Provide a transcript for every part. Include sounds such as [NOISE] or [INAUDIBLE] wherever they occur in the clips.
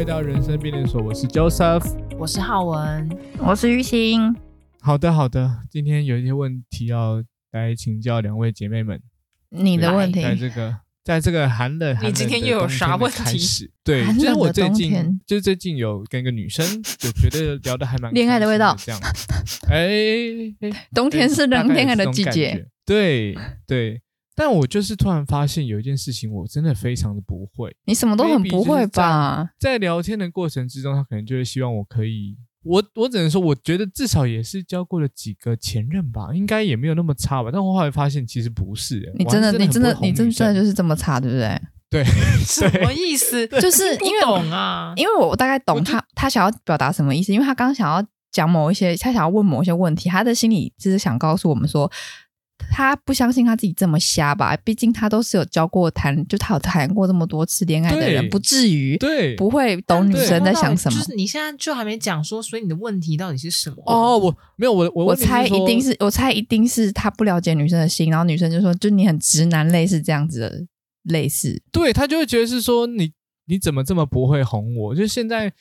回到人生變電所，我是 Joseph，我是皓文，我是郁欣。好的，好的，今天有一些問題要來請教兩位姐妹們。你的問題？在這個，在這個寒冷，寒冷，你今天又有啥問題？對，就是我最近，就是最近有跟一個女生，就覺得聊的還蠻的戀愛的味道，這 [LAUGHS] 樣。哎，冬天是冷戀愛的季節。對，對。但我就是突然發現有一件事情，我真的非常的不會。你什麼都很不會吧？在、在聊天的過程之中，他可能就會希望我可以，我我只能說，我覺得至少也是交過了幾個前任吧，應該也沒有那麼差吧。但我後來發現，其實不是、欸。你真的，真的，你真的，你真的就是這麼差，對不對？對， [LAUGHS] 對，什麼意思？ [LAUGHS] 就是因為懂啊，因為我我大概懂他他想要表達什麼意思，因為他剛想要講某一些，他想要問某一些問題，他的心裡就是想告訴我們說。他不相信他自己這麼瞎吧？畢竟他都是有交過談，就他有談過這麼多次戀愛的人，不至於，對，不會懂女生在想什麼。就是你現在就還沒講說，所以你的問題到底是什麼？哦，我沒有，我我問你，我猜一定是，我猜一定是他不了解女生的心，然後女生就說，就你很直男類似這樣子的，類似。對，他就會覺得是說你你怎麼這麼不會哄我？就是現在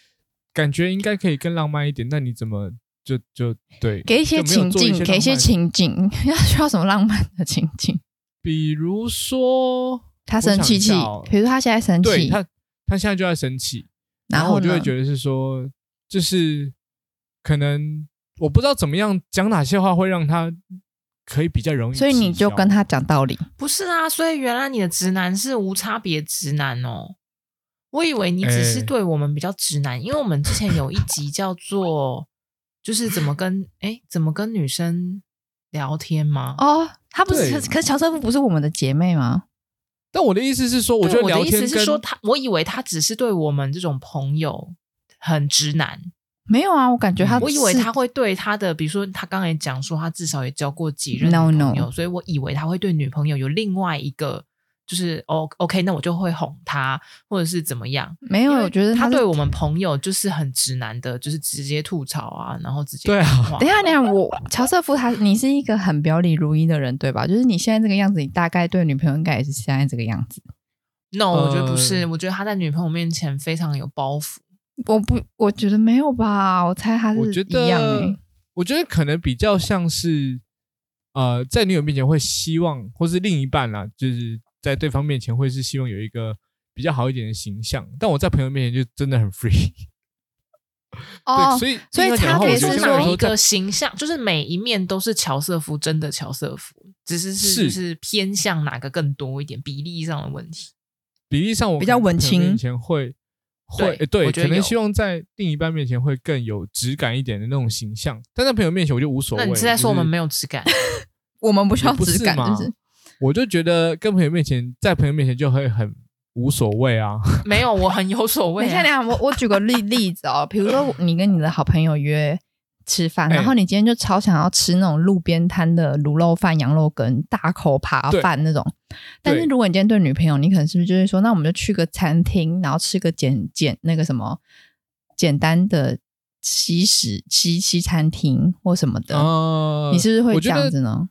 感覺應該可以更浪漫一點，但你怎麼？就就對，給一些情境，給一些情境，要需要什麼浪漫的情境？比如說他生氣、哦、比如說他現在生氣，他他現在就在生氣，然後我就會覺得是說，就是可能我不知道怎麼樣講哪些話會讓他可以比較容易。所以你就跟他講道理，不是啊？所以原來你的直男是無差別直男哦，我以為你只是對我們比較直男，欸、因為我們之前有一集叫做。就是怎麼跟哎、欸，怎麼跟女生聊天嗎？哦，他不是，可是喬瑟夫不是我們的姐妹嗎？但我的意思是說我覺得聊天，我對我的意思是說他，他我以為他只是對我們這種朋友很直男。嗯、沒有啊，我感覺他是，我以為他會對他的，比如說他剛才講說，他至少也交過幾任女朋友 no, no. 所以我以為他會對女朋友有另外一個。就是 O、oh, OK，那我就會哄他，或者是怎麼樣？沒有，我覺得他對我們朋友就是，是就是很直男的，就是直接吐槽啊，然後直接對啊。 [LAUGHS] 等下，你看我喬瑟夫，他你是一個很表裡如一的人，對吧？就是你現在這個樣子，你大概對女朋友應該也是現在這個樣子。No、呃、我覺得不是，我覺得他在女朋友面前非常有包袱。我不，我覺得沒有吧？我猜他是我覺得一樣、欸、我覺得可能比較像是，呃，在女友面前會希望，或是另一半啦，就是。在對方面前會是希望有一個比較好一點的形象，但我在朋友面前就真的很 free。哦、oh, [LAUGHS] 所以所以差別是，哪一，是說哪一個形象，就是每一面都是喬瑟夫真的喬瑟夫，只是是偏向哪個更多一點比例上的問題。比例上我面比較文青，前會會對、欸對我覺得，可能希望在另一半面前會更有質感一點的那種形象，但在朋友面前我就無所謂。那你是在說我們沒有質感？就是、 [LAUGHS] 我們不需要質感，嗎就是我就覺得跟朋友面前，在朋友面前就會很無所謂啊。沒有，我很有所謂、啊。 [LAUGHS] 等一下，等一下，我我舉個例例子哦，比 [LAUGHS] 如說你跟你的好朋友約吃飯、欸，然後你今天就超想要吃那種路邊攤的滷肉飯、羊肉羹、大口扒飯那種。但是如果你今天對女朋友，你可能是不是就會說，那我們就去個餐廳，然後吃個簡簡那個什麼簡單的西式西西餐廳或什麼的、呃？你是不是會這樣子呢？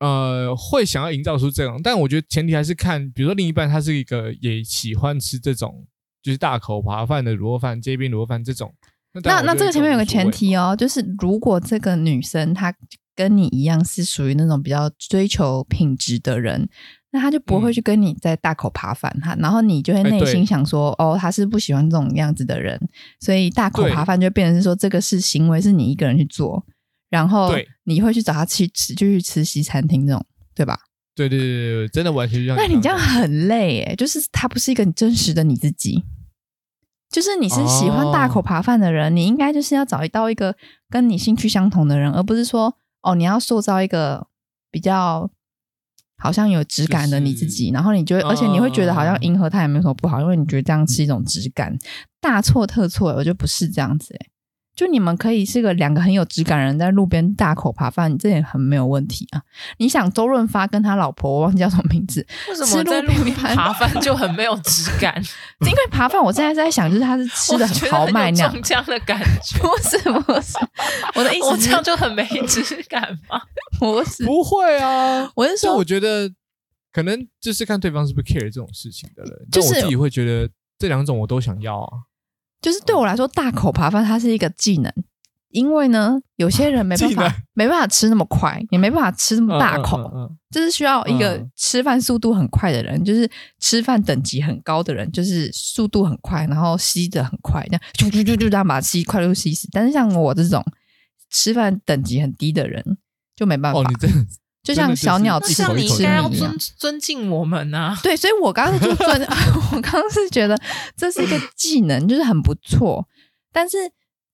呃，會想要營造出這種，但我覺得前提還是看，比如說另一半他是一個也喜歡吃這種，就是大口扒飯的滷肉飯、街邊滷肉飯這種。那那，那，那這個前面有個前提哦，就是如果這個女生她跟你一樣是屬於那種比較追求品質的人，那她就不會去跟你在大口扒飯哈。然後你就會內心想說，欸、哦，她是不喜歡這種樣子的人，所以大口扒飯就變成是說這個是行為是你一個人去做。然後，你會去找他去吃，就去吃西餐廳這種，對吧？對對對對，真的完全一樣。那你這樣很累哎、欸，就是他不是一個真實的你自己，就是你是喜歡大口扒飯的人、哦，你應該就是要找到一個跟你興趣相同的人，而不是說哦，你要塑造一個比較好像有質感的你自己。就是、然後你就會，而且你會覺得好像迎合他也沒什麼不好，因為你覺得這樣是一種質感，大錯特錯、欸，我覺得不是這樣子誒、欸。就你們可以是個兩個很有質感的人在路邊大口扒飯，你這也很沒有問題啊！你想周潤發跟他老婆，我忘記叫什麼名字，為什麼路在路邊扒飯就很沒有質感。 [LAUGHS] 因為扒飯，我現在在想，就是他是吃的很豪邁那樣這樣的感覺。為什麼？我的意思是，我這樣就很沒質感嗎？不，不會啊！ [LAUGHS] 我是說，就我覺得可能就是看對方是不是 care 這種事情的人。就是、我自己會覺得這兩種我都想要啊。就是對我來說，大口扒飯它是一個技能，因為呢，有些人沒辦法，沒辦法吃那麼快，也沒辦法吃那麼大口，嗯嗯嗯、就是需要一個吃飯速度很快的人，嗯，就是吃飯等級很高的人，就是速度很快，然後吸的很快，這樣就就就就這樣把它吸快速吸死。但是像我這種吃飯等級很低的人，就沒辦法。哦你就像小鳥的吃米一樣的、就是、像你，應該要尊尊敬我們吶、啊。對，所以我剛剛是尊， [LAUGHS] [LAUGHS] 我剛剛是覺得這是一個技能，就是很不錯。但是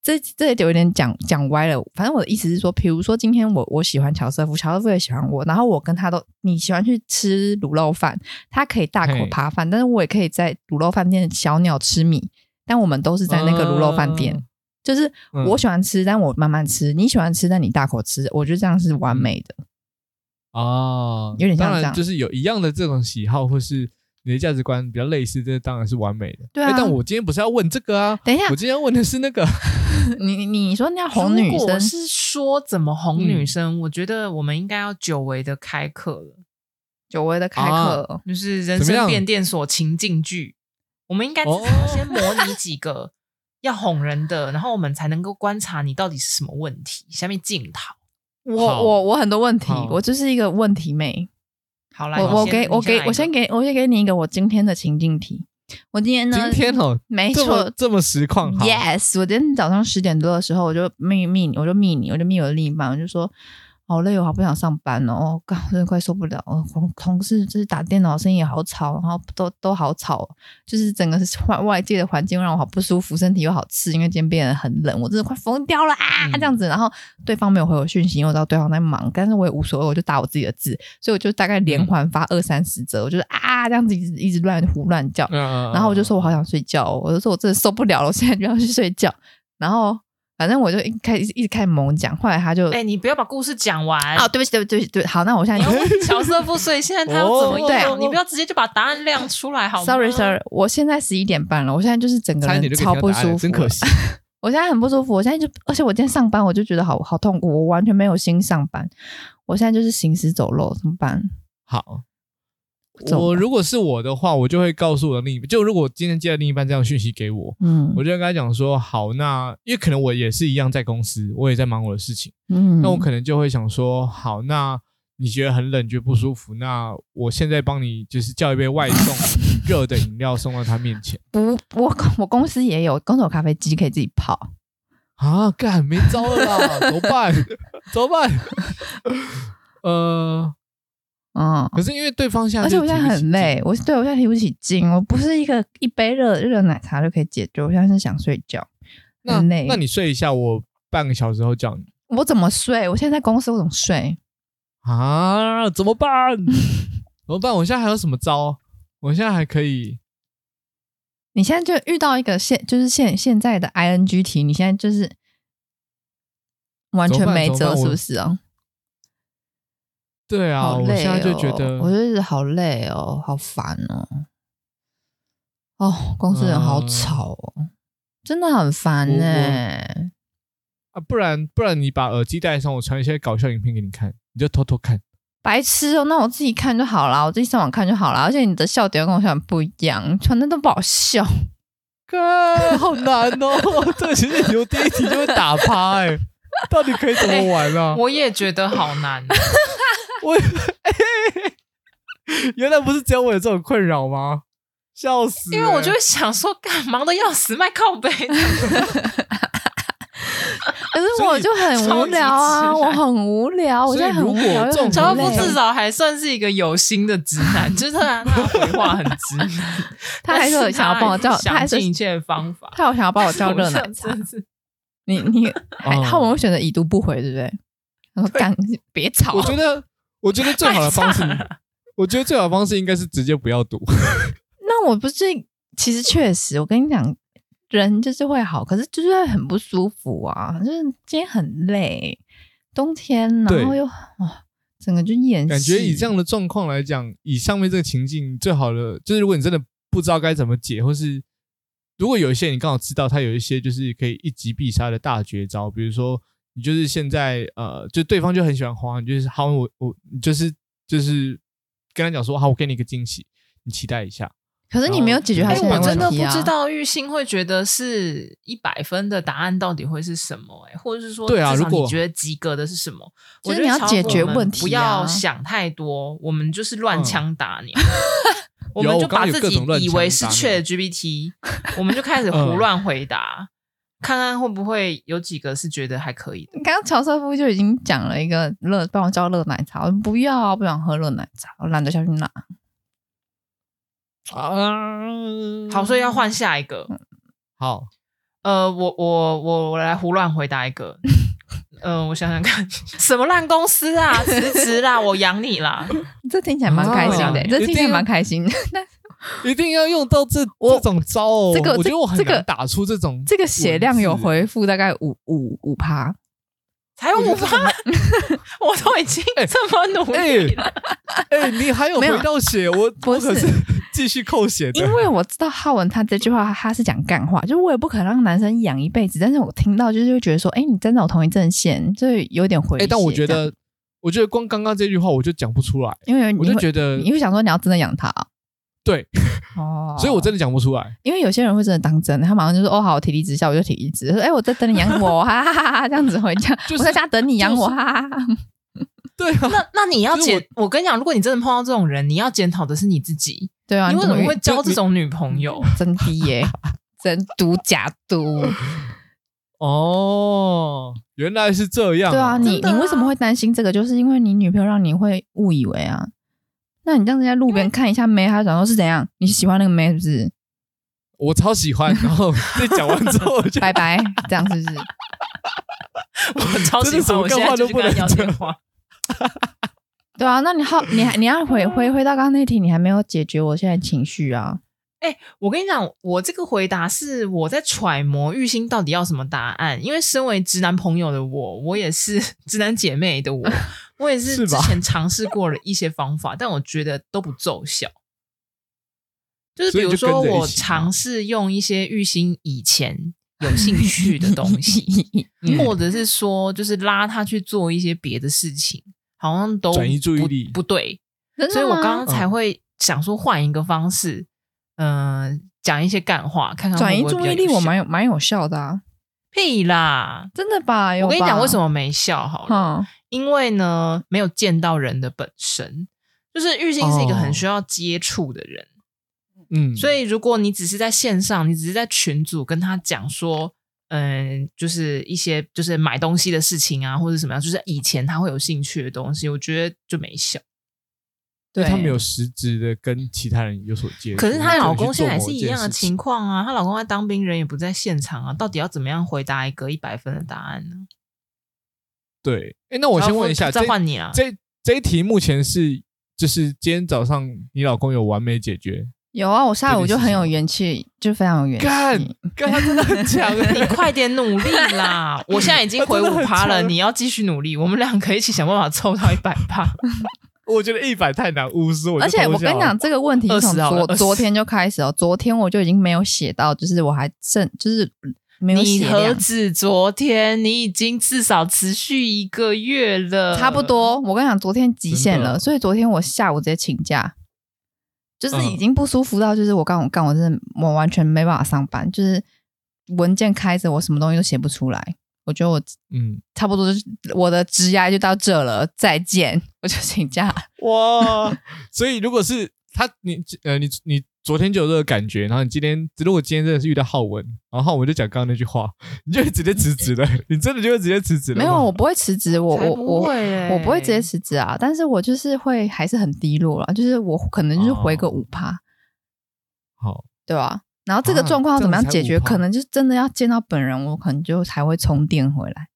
這這也有點講講歪了。反正我的意思是說，比如說今天我我喜歡喬瑟夫，喬瑟夫也喜歡我。然後我跟他都你喜歡去吃滷肉飯，他可以大口扒飯，但是我也可以在滷肉飯店小鳥吃米。但我們都是在那個滷肉飯店、嗯，就是我喜歡吃，但我慢慢吃；你喜歡吃，但你大口吃。我覺得這樣是完美的。嗯哦、啊，有點像當然，就是有一樣的這種喜好，或是你的價值觀比較類似，這當然是完美的。對啊、欸。但我今天不是要問這個啊，等一下，我今天要問的是那個。你你說你要哄女生，我是說怎麼哄女生、嗯，我覺得我們應該要久違的開課了。久違的開課、啊，就是人生變電所情境劇。我們應該先模擬幾個要哄人的， [LAUGHS] 然後我們才能夠觀察你到底是什麼問題。下面靜躺。我我我很多問題，我就是一個問題妹。好來我我，我給我給我先給我先給，我先給你一個我今天的情境題。我今天呢？今天哦，沒錯，這麼，這麼實況哈。Yes，我今天早上十點多的時候，我就密密你，我就密你，我就密我的另一半，我就說。好累，我好不想上班哦，我、oh, 真的快受不了了。同同事就是打電腦聲音也好吵，然後都都好吵，就是整個外外界的環境讓我好不舒服，身體又好吃，因為今天變得很冷，我真的快瘋掉了啊、嗯！這樣子，然後對方沒有回我訊息，因為我知道對方在忙，但是我也無所謂，我就打我自己的字，所以我就大概連環發二三十則，我就是啊這樣子一直一直亂胡亂叫、啊，然後我就說我好想睡覺、哦，我就說我真的受不了了，我現在就要去睡覺，然後。反正我就一開始一直開始猛講，後來他就哎、欸，你不要把故事講完啊！對不起，對不起，對不起，好，那我現在要問喬瑟夫， [LAUGHS] 所以現在他要怎麼？用、oh, 對啊？你不要直接就把答案亮出來好嗎？Sorry，Sorry，sorry, 我現在十一點半了，我現在就是整個人超不舒服，真可惜。 [LAUGHS] 我現在很不舒服，我現在就而且我今天上班我就覺得好好痛苦，我完全沒有心上班，我現在就是行屍走肉，怎麼辦？好。我如果是我的話，我就會告訴我的另一半。就如果今天接到另一半這樣訊息給我，嗯，我就跟他講說：好，那因為可能我也是一樣在公司，我也在忙我的事情，嗯，那我可能就會想說：好，那你覺得很冷，覺得不舒服，那我現在幫你就是叫一杯外送熱 [LAUGHS] 的飲料送到他面前。不，我我公司也有，工作咖啡機可以自己泡。啊，幹，沒招了吧？怎麼辦？ [LAUGHS] 怎麼辦？呃。嗯，可是因為對方現在，而且我現在很累，我對我現在提不起勁，我不是一個 [LAUGHS] 一杯熱熱奶茶就可以解決，我現在是想睡覺。那那你睡一下，我半個小時後叫你。我怎麼睡？我現在在公司，我怎麼睡？啊？怎麼辦？ [LAUGHS] 怎麼辦？我現在還有什麼招？我現在還可以？你現在就遇到一個現就是現現在的 ING 題，你現在就是完全沒轍，是不是哦？對啊、哦，我現在就覺得，我覺得一直好累哦，好煩哦，哦，公司人好吵哦，呃、真的很煩呢、欸。啊，不然不然，你把耳機戴上，我傳一些搞笑影片給你看，你就偷偷看。白痴哦，那我自己看就好了，我自己上網看就好了。而且你的笑點跟我很不一樣，傳的都不好笑。哥，好難哦， [LAUGHS] [LAUGHS] 這題你有第一題就會打趴哎、欸， [LAUGHS] 到底可以怎麼玩啊？欸、我也覺得好難、哦。 [LAUGHS] [LAUGHS] 我、欸、原來不是只有我有這種困擾嗎？笑死、欸！因為我就會想說，幹，忙得要死賣靠背？ [LAUGHS] [LAUGHS] 可是我就很無聊啊，我很無聊。超啊、我覺得如果喬瑟夫至少還算是一個有心的直男，真的他回話，很直男 [LAUGHS] 他還是想要幫我教，他盡一切方法，他好想要幫我照熱男。你你，他可能會選擇已讀不回，對不對，對？然後幹，別吵。我覺得。我覺得最好的方式，我覺得最好的方式應該是直接不要賭 [LAUGHS] 。那我不是，其實確實，我跟你講，人就是會好，可是就是很不舒服啊，就是今天很累，冬天，然後又哇、哦，整個就演。感覺以這樣的狀況來講，以上面這個情境，最好的就是如果你真的不知道該怎麼解，或是如果有一些你剛好知道，他有一些就是可以一擊必殺的大絕招，比如說。你就是現在呃，就對方就很喜歡花，就是，就是好，我我就是就是跟他講說好，我給你一個驚喜，你期待一下。可是你沒有解決他的問題啊。我真的不知道郁欣會覺得是一百分的答案到底會是什麼誒？或者是說，對啊，如果你覺得及格的是什麼，我覺得要，要解決問題啊，不要想太多，我們就是亂槍打鳥。嗯、 [LAUGHS] 我們就把自己以為是 ChatGPT，我， [LAUGHS] 我們就開始胡亂回答。嗯看看會不會有幾個是覺得還可以的。剛剛喬瑟夫就已經講了一個熱，幫我叫熱奶茶。我不要，不想喝熱奶茶，我懶得下去拿。曹、啊、好，所以要換下一個、嗯。好，呃，我我我我來胡亂回答一個。 [LAUGHS] 呃，我想想看，什麼爛公司啊，辭職啦， [LAUGHS] 我養你啦。這聽起來蠻開心的，哦、這聽起來蠻開心的。呃 [LAUGHS] 一定要用到這這種招哦！這個我覺得我很難打出這種、這個、這個血量有回復，大概五五五趴，才五趴， [LAUGHS] 我都已經這麼努力了。哎、欸欸欸，你還有回到血，我我可是，是繼續扣血的。因為我知道皓文他這句話他是講幹話，就是我也不可能讓男生養一輩子。但是我聽到就是會覺得說，哎、欸，你真的有同一陣線，就是有點回、欸。但我覺得，我覺得光剛剛這句話我就講不出來，因為我就覺得你會想說你要真的養他、啊。對哦，所以我真的講不出來、哦，因為有些人會真的當真，他馬上就說：“哦，好，提離職下，我就提離職。”說：“哎、欸，我在等你養我哈哈哈， [LAUGHS] 這樣子回家，就是、我在家等你養我、就是、哈，哈對啊，那那你要檢、就是，我跟你講，如果你真的碰到這種人，你要檢討的是你自己。對啊，你為什麼會交這種女朋友？真的耶，真毒、欸欸、 [LAUGHS] D 假毒 [LAUGHS] 。哦，原來是這樣、啊。對啊，你啊，你為什麼會擔心這個？就是因為你女朋友讓你會誤以為啊。那你這樣子在路邊看一下妹、嗯，他講說是怎樣？你喜歡那個妹是不是？我超喜歡。然後在講完之後， [LAUGHS] 拜拜， [LAUGHS] 這樣是不是？我超喜歡。我現在就不能講電話。電話 [LAUGHS] 對啊，那你好，你還你要回回回到剛剛那題，你還沒有解決我現在情緒啊？哎、欸，我跟你講，我這個回答是我在揣摩郁欣到底要什麼答案，因為身為直男朋友的我，我也是直男姐妹的我。 [LAUGHS] 我也是之前嘗試過了一些方法，但我覺得都不奏效。就是比如說，我嘗試用一些郁欣以前有興趣的東西，或者是說，就是拉他去做一些別的事情，好像都轉移注意力不，不對。所以我剛剛才會想說換一個方式，嗯，講、呃、一些幹話看看轉移注意力我，我蠻有蠻有效的啊。屁啦，真的吧？吧我跟你講，為什麼沒效？好了。嗯因為呢，沒有見到人的本身，就是郁欣，是一個很需要接觸的人，哦，嗯，所以如果你只是在線上，你只是在群組跟他講說，嗯，就是一些就是買東西的事情啊，或者什麼樣，就是以前他會有興趣的東西，我覺得就沒效。對，他沒有實質的跟其他人有所接觸。可是她老公現在是一樣的情況啊，她老公在當兵，人也不在現場啊，到底要怎麼樣回答一個一百分的答案呢？對，哎，那我先問一下，再換你啊。這這，這一題目前是，就是今天早上你老公有完美解決？有啊，我下午就很有元氣，就非常有元氣。幹，幹，真的 [LAUGHS] 你快點努力啦！ [LAUGHS] 我現在已經回五趴了，啊，你要繼續努力，我們兩個一起想辦法湊到一百趴。 [LAUGHS] 我覺得一百太難，五十我。而且我跟你講這個問題，我想說，昨，昨天就開始了，昨天我就已經沒有寫到，就是我還剩，就是。沒有，你何止昨天？你已經至少持續一個月了，差不多。我跟你講，昨天極限了，所以昨天我下午直接請假，就是已經不舒服到，就是我剛我、嗯、剛我真的我完全沒辦法上班，就是文件開着，我什麼東西都寫不出來。我覺得我嗯，差不多就我的支壓就到這了，再見，我就請假。哇， [LAUGHS] 所以如果是。他，你呃，你你昨天就有這個感覺，然後你今天，如果今天真的是遇到浩文，然後我就講剛剛那句話，你就會直接辭職了， [LAUGHS] 你真的就會直接辭職了。沒有，我不會辭職，我會、欸、我我我不會直接辭職啊，但是我就是會還是很低落啦，就是我可能就是回個五趴，好、啊，對吧、啊？然後這個狀況要怎麼樣解決？啊、可能就是真的要見到本人，我可能就才會充電回來。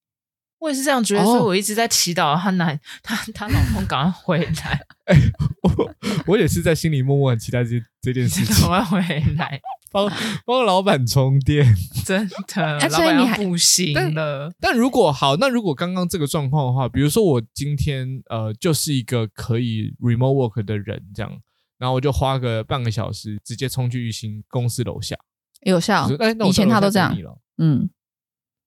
我也是這樣覺得，所以我一直在祈禱他男、oh. 他他，他老公趕快回來、欸我。我也是在心裡默默很期待這這件事情，趕快回來幫幫老板充電，真的，他、啊、說你不行了。但如果好，那如果剛剛這個狀況的話，比如說我今天呃就是一個可以 remote work 的人，這樣，然後我就花個半個小時直接衝去郁欣公司樓下有效、欸下。以前他都這樣，嗯，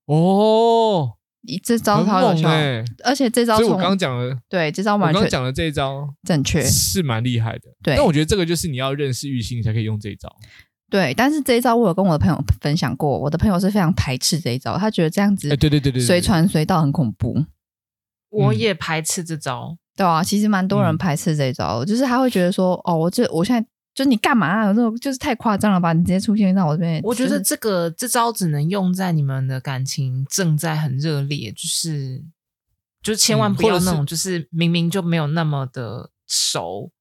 哦。你這招超有效、欸，而且這招，我這招，我剛講的對，這招我剛剛講的這一招正確是蠻厲害的。對，但我覺得這個就是你要認識郁欣才可以用這一招。對，但是這一招我有跟我的朋友分享過，我的朋友是非常排斥這一招，他覺得這樣子，對對對對，隨傳隨到很恐怖。我也排斥這招，對啊，其實蠻多人排斥這一招、嗯，就是他會覺得說，哦，我這我現在。就你幹嘛、啊？這種就是太誇張了吧？你直接出現在我這邊，我覺得這個得這招只能用在你們的感情正在很熱烈，就是就是千萬不要那種，就是明明就沒有那麼的熟，嗯、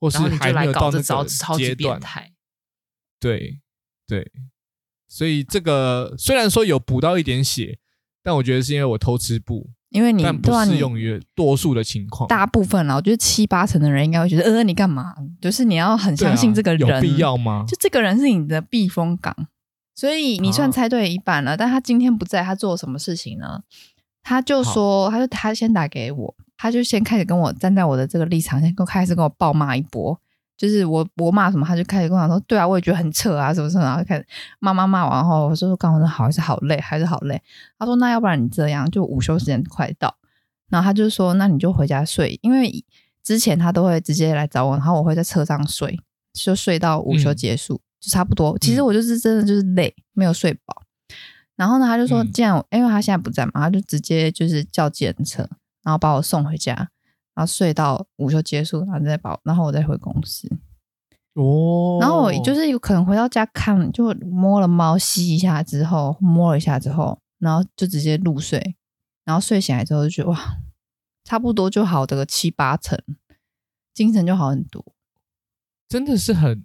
或者是然後你就來搞這招，超級變態。對對，所以這個雖然說有補到一點血，但我覺得是因為我偷吃步。因為你不適用於多數的情況，大部分啦，我覺得七八成的人應該會覺得，呃，你幹嘛？就是你要很相信這個人，啊，有必要嗎？就這個人是你的避風港，所以你算猜對一半了，啊。但他今天不在，他做什麼事情呢？他就說，他說他先打給我，他就先開始跟我站在我的這個立場，先開始跟我暴罵一波。就是我，我罵什麼，他就開始跟我講說，對啊，我也覺得很扯啊，什麼什麼，然後開始罵罵罵完後，我說說剛，剛說好說好，還是好累，還是好累。他說那要不然你這樣，就午休時間快到，然後他就說那你就回家睡，因為之前他都會直接來找我，然後我會在車上睡，就睡到午休結束，嗯、就差不多。其實我就是真的就是累，沒有睡飽。然後呢，他就說、嗯、既然，因為他現在不在嘛，他就直接就是叫計程車，然後把我送回家。然後睡到午休結束，然後再把，然後我再回公司。哦，然後我就是有可能回到家看，就摸了貓，吸一下之後，摸了一下之後，然後就直接入睡。然後睡醒來之後就覺得哇，差不多就好了個七八成，精神就好很多。真的是很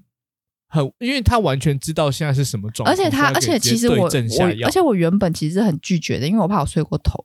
很，因為他完全知道現在是什麼狀況，而且他，而且其實我我，而且我原本其實很拒絕的，因為我怕我睡過頭。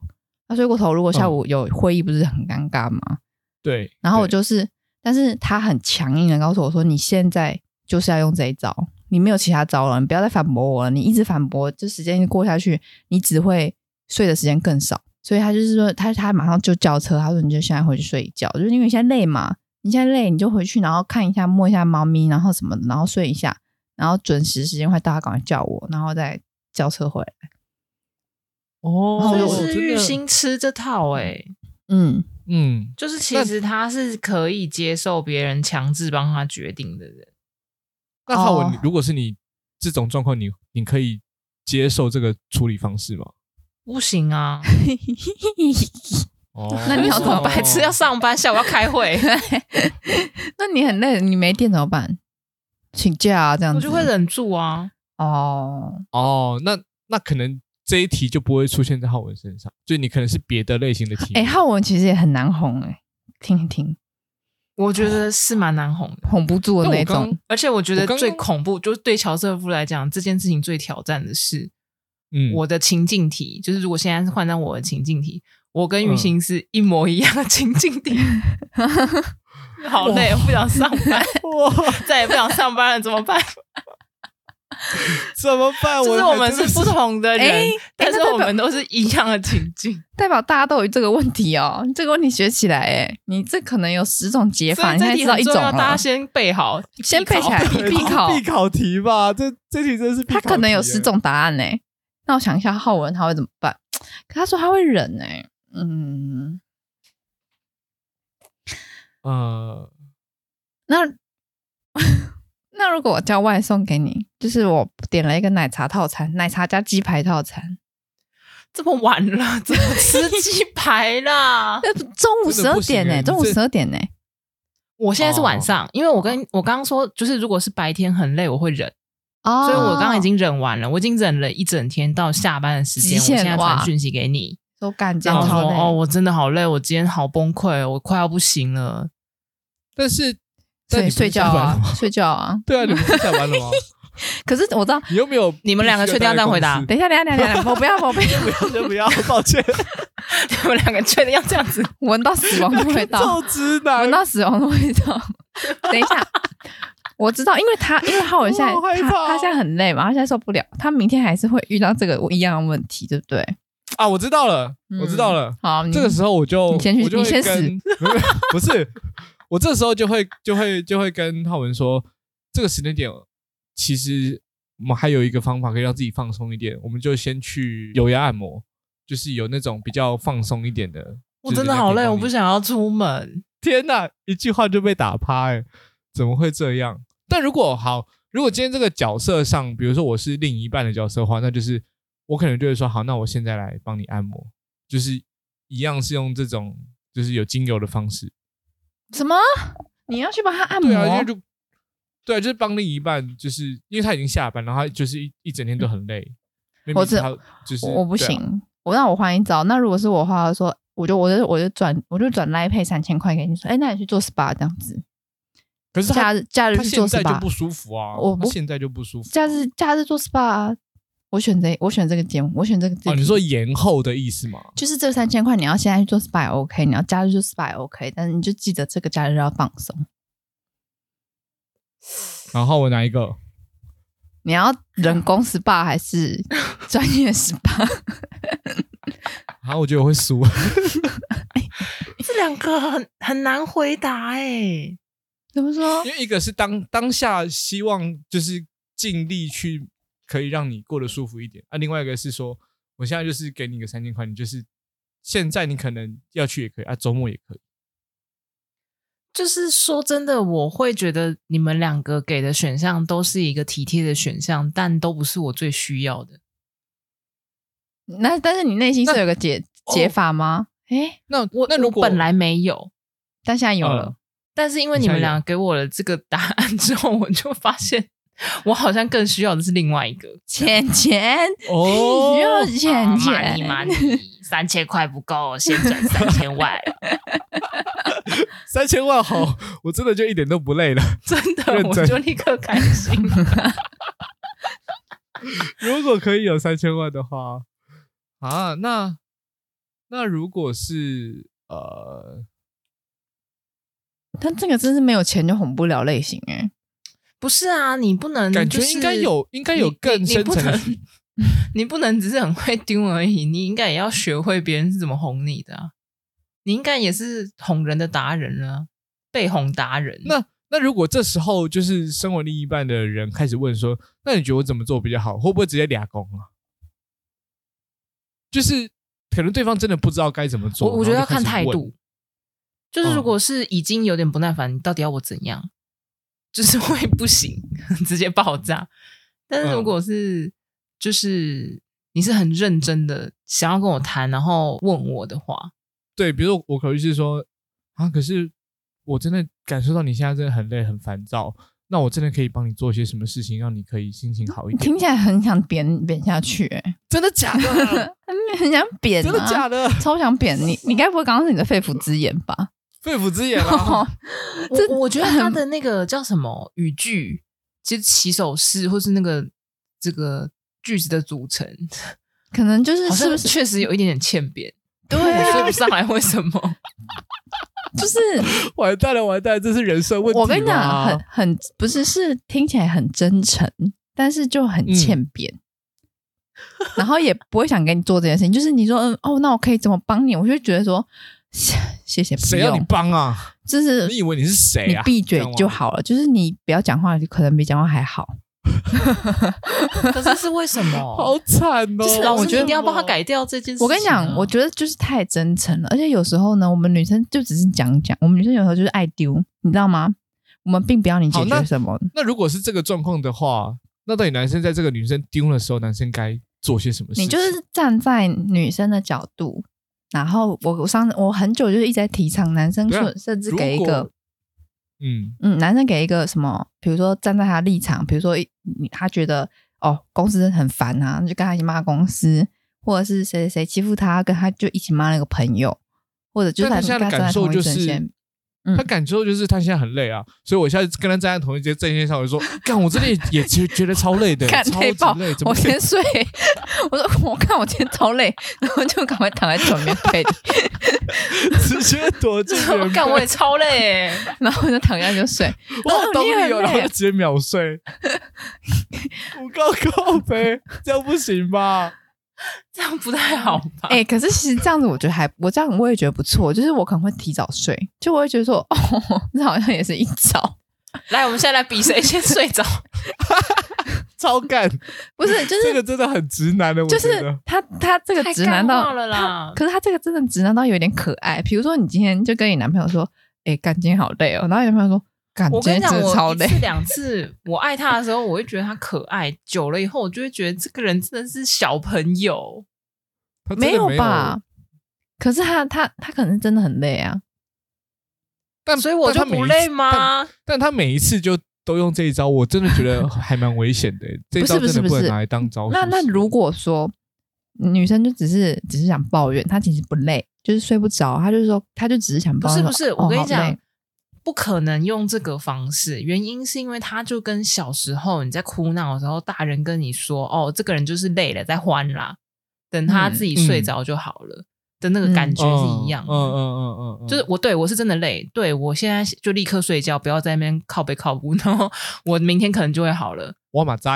那、啊、睡過頭，如果下午有會議，不是很尷尬嗎？嗯對，然後我就是，但是他很強硬的告訴我說：“你現在就是要用這一招，你沒有其他招了，你不要再反駁我了。你一直反駁，這時間一過下去，你只會睡的時間更少。”所以他就是說，他他馬上就叫車，他說：“你就現在回去睡一覺，就是因為你現在累嘛，你現在累，你就回去，然後看一下，摸一下貓咪，然後什麼的，然後睡一下，然後準時時間快到，他趕快叫我，然後再叫車回來。”哦，就是郁欣吃這套，哎，嗯。嗯，就是其實他是可以接受別人強制幫他決定的人。那我、oh. 如果是你這種狀況，你你可以接受這個處理方式嗎？不行啊！哦、 [LAUGHS] oh.，那你要怎麼白痴、oh. 要上班下，下午要開會， [LAUGHS] [LAUGHS] 那你很累，你沒電怎麼辦？請假啊，這樣子，我就會忍住啊。哦、oh. 哦、oh.，那那可能。這一題就不會出現在皓文身上，所以你可能是別的類型的題。哎、欸，皓文其實也很難哄，哎、欸，聽一聽，我覺得是蠻難哄，哄不住的那種。而且我覺得最恐怖，就是對喬瑟夫來講，這件事情最挑戰的是、嗯，我的情境題，就是如果現在是換成我的情境題，我跟郁欣是一模一樣的情境題，嗯、 [LAUGHS] [LAUGHS] 好累，我不想上班， [LAUGHS] 再也不想上班了，怎麼辦？ [LAUGHS] 怎麼辦？就是我們是不同的人，欸、但是我們都是一樣的情境，欸，代表大家都有這個問題哦。這個問題學起來，哎，你這可能有十種解法，你現在知道一種。大家先背好，先背起來，必考，必考，必、考必考題吧。這這題真是必考題，他可能有十種答案哎。那我想一下，皓文他會怎麼辦？可他說他會忍哎，嗯，嗯、呃，那。那如果我叫外送給你，就是我點了一個奶茶套餐，奶茶加雞排套餐。這麼晚了怎麼吃雞排啦？那 [LAUGHS] 中午十二點呢、欸？中午十二點呢、欸？我現在是晚上，哦、因為我跟我剛剛說，就是如果是白天很累，我會忍，哦、所以我剛剛已經忍完了，我已經忍了一整天到下班的時間，我現在傳訊息給你，我感覺超累哦，我真的好累，我今天好崩潰，我快要不行了，但是。在睡覺啊，睡覺啊。對啊，你們不是下班了嗎？ [LAUGHS] 可是我知道，你又沒有，你們兩個確定要這樣回答、啊等？等一下，等一下，等一下，我不要，我不要，就不要，就不要我抱歉。 [LAUGHS] [LAUGHS] 你們兩個確定要這樣子？聞到死亡的味道，聞到死亡的味道。等一下， [LAUGHS] 我知道，因為他，因為浩文現在他他現在很累嘛，他現在受不了，他明天還是會遇到這個一樣的問題，對不對？啊，我知道了，我知道了。嗯、好、啊，這個時候我就你先去，你先死，不是。 [LAUGHS] 我這個時候就會就會就會跟浩文說，這個時間點，其實我們還有一個方法可以讓自己放鬆一點，我們就先去有氧按摩，就是有那種比較放鬆一點的。我真的好累，我不想要出門。天哪，一句話就被打趴。欸，怎麼會這樣？但如果好，如果今天這個角色上，比如說我是另一半的角色的話，那就是我可能就會說，好，那我現在來幫你按摩，就是一樣是用這種就是有精油的方式。什麼？你要去幫他按摩？對啊，就對、啊，就是幫另一半，就是因為他已經下班，然後他就是一一整天都很累。嗯，明明就是、我是，就是我不行，啊、我讓我換一招，那如果是我話，我說我就我就我就轉我就轉 Line Pay 三千塊給你說，說哎，那你去做 SPA 這樣子。可是他假日假日做 SPA 現在就不舒服啊！我，我現在就不舒服、啊。假日假日做 SPA、啊。我選擇我選這個節目，我選這個節目、哦。你說延後的意思嗎？就是這三千塊，你要現在去做 SPA OK，你要加入做 SPA OK，但是你就記得這個假日要放鬆。然後我哪一個？你要人工 SPA 還是專業 SPA？好、 [LAUGHS] [LAUGHS] 啊，我覺得我會輸。 [LAUGHS] [LAUGHS] 這兩個很很難回答哎、欸，怎麼說？因為一個是當當下希望就是盡力去。可以讓你過得舒服一點啊。另外一個是說，我現在就是給你個三千塊，你就是現在你可能要去也可以啊，周末也可以。就是說真的，我會覺得你們兩個給的選項都是一個體貼的選項，但都不是我最需要的。那但是你內心是有個解解法嗎？哎、哦欸，那我那如果我本來沒有，但現在有了。啊、但是因為你們兩個給我了這個答案之後， [LAUGHS] 我就發現。我好像更需要的是另外一個錢錢哦，需要錢錢，媽咪媽咪，三千塊不夠，先賺三千萬， [LAUGHS] 三千萬好，我真的就一點都不累了，真的，真我就立刻開心了。 [LAUGHS] 如果可以有三千萬的話，啊，那那如果是呃，但這個真是沒有錢就哄不了類型哎、欸。不是啊，你不能，就是，感覺應該有，應該有更深層。你不能，你不能只是很會丟而已。你應該也要學會別人是怎麼哄你的，啊，你應該也是哄人的達人了，啊，被哄達人。那那如果這時候就是身為另一半的人開始問說，那你覺得我怎麼做比較好？會不會直接抓狂啊？就是可能對方真的不知道該怎麼做。我覺得要看態度就。就是如果是已經有點不耐煩，哦，你到底要我怎樣？就是會不行，直接爆炸。但是如果是，嗯、就是你是很認真的想要跟我談，然後問我的話，對，比如說我可以是說啊，可是我真的感受到你現在真的很累很煩躁，那我真的可以幫你做一些什麼事情，讓你可以心情好一點。聽起來很想扁，扁下去、欸，哎，真的假的？ [LAUGHS] 很想扁、啊，真的假的？超想扁你，你該不會剛剛是你的肺腑之言吧？肺腑之言了，啊哦，我覺得、嗯、他的那個叫什麼語句，其、就、實、是、起手式或是那個這個句子的組成，可能就是、哦、是不是確實有一點點欠扁，對、啊，說不上來為什麼， [LAUGHS] 就是完蛋了，完蛋了，這是人生問題。我跟你講，很很不是是聽起來很真誠，但是就很欠扁，嗯、然後也不會想跟你做這件事情。就是你說哦，那我可以怎麼幫你？我就覺得說。謝謝。誰要你幫啊？是就是你以為你是誰、啊？就是、你閉嘴就好了。就是你不要講話，就可能比講話還好。 [LAUGHS] [LAUGHS] 可是是為什麼？好慘哦！就是我覺得你要幫他改掉這件事情、啊。我跟你講，我覺得就是太真誠了。而且有時候呢，我們女生就只是講講。我們女生有時候就是愛丟，你知道嗎？我們並不要你解決什麼的。那如果是這個狀況的話，那到底男生在這個女生丟的時候，男生該做些什麼事情？你就是站在女生的角度。然後我我上我很久就是一直在提倡男生甚甚至給一個，嗯，嗯，男生給一個什麼，比如說站在他立場，比如說一他覺得哦公司很煩啊，就跟他一起罵公司，或者是誰誰誰欺負他，跟他就一起罵那個朋友，或者就是他跟他在同一的感受就是。嗯、他感受就是他現在很累啊，所以我現在跟他站在同一間陣線上，我就說：幹我這裡也其實覺得超累的，幹超級累，爆累，我先睡。 [LAUGHS] 我說：我看我今天超累，然後就趕快躺在床邊睡。 [LAUGHS] 直接躲進，幹我也超累，然我然我累，然後就躺下就睡。我當然有，然後直接秒睡。 [LAUGHS] 不告告唄，這樣不行吧？這樣不太好吧。哎、嗯欸，可是其實這樣子，我覺得還我這樣，我也覺得不錯。就是我可能會提早睡，就我會覺得說，哦，這好像也是一早。來，我們現在來比誰先睡着， [LAUGHS] 超乾。不是，就是這個真的很直男的。就是、就是、他，他這個直男到。可是他這個真的直男到有點可愛。比如說，你今天就跟你男朋友說，哎、欸，感覺好累哦，然後你男朋友說。感覺我跟你講是，我一次兩次我愛他的時候，我會覺得他可愛； [LAUGHS] 久了以後，我就會覺得這個人真的是小朋友。沒有，沒有吧？可是他他他可能是真的很累啊。但所以我就不累嗎但但但？但他每一次就都用這一招，我真的覺得還蠻危險的、欸。 [LAUGHS] 這一招真的不是不是不是，不能拿來當招。那那如果說女生就只是只是想抱怨，她其實不累，就是睡不着。她就說，她就只是想抱怨。不是不是，哦、我跟你講。不可能用這個方式，原因是因為他就跟小時候你在哭鬧的時候，大人跟你說：“哦，這個人就是累了，在歡啦，等他自己睡着就好了。嗯”的那個感覺是一樣。嗯嗯嗯嗯，嗯，嗯，嗯，嗯，就是我對我是真的累，對我現在就立刻睡覺，不要在那邊靠北靠骨，然後我明天可能就會好了。我嘛知，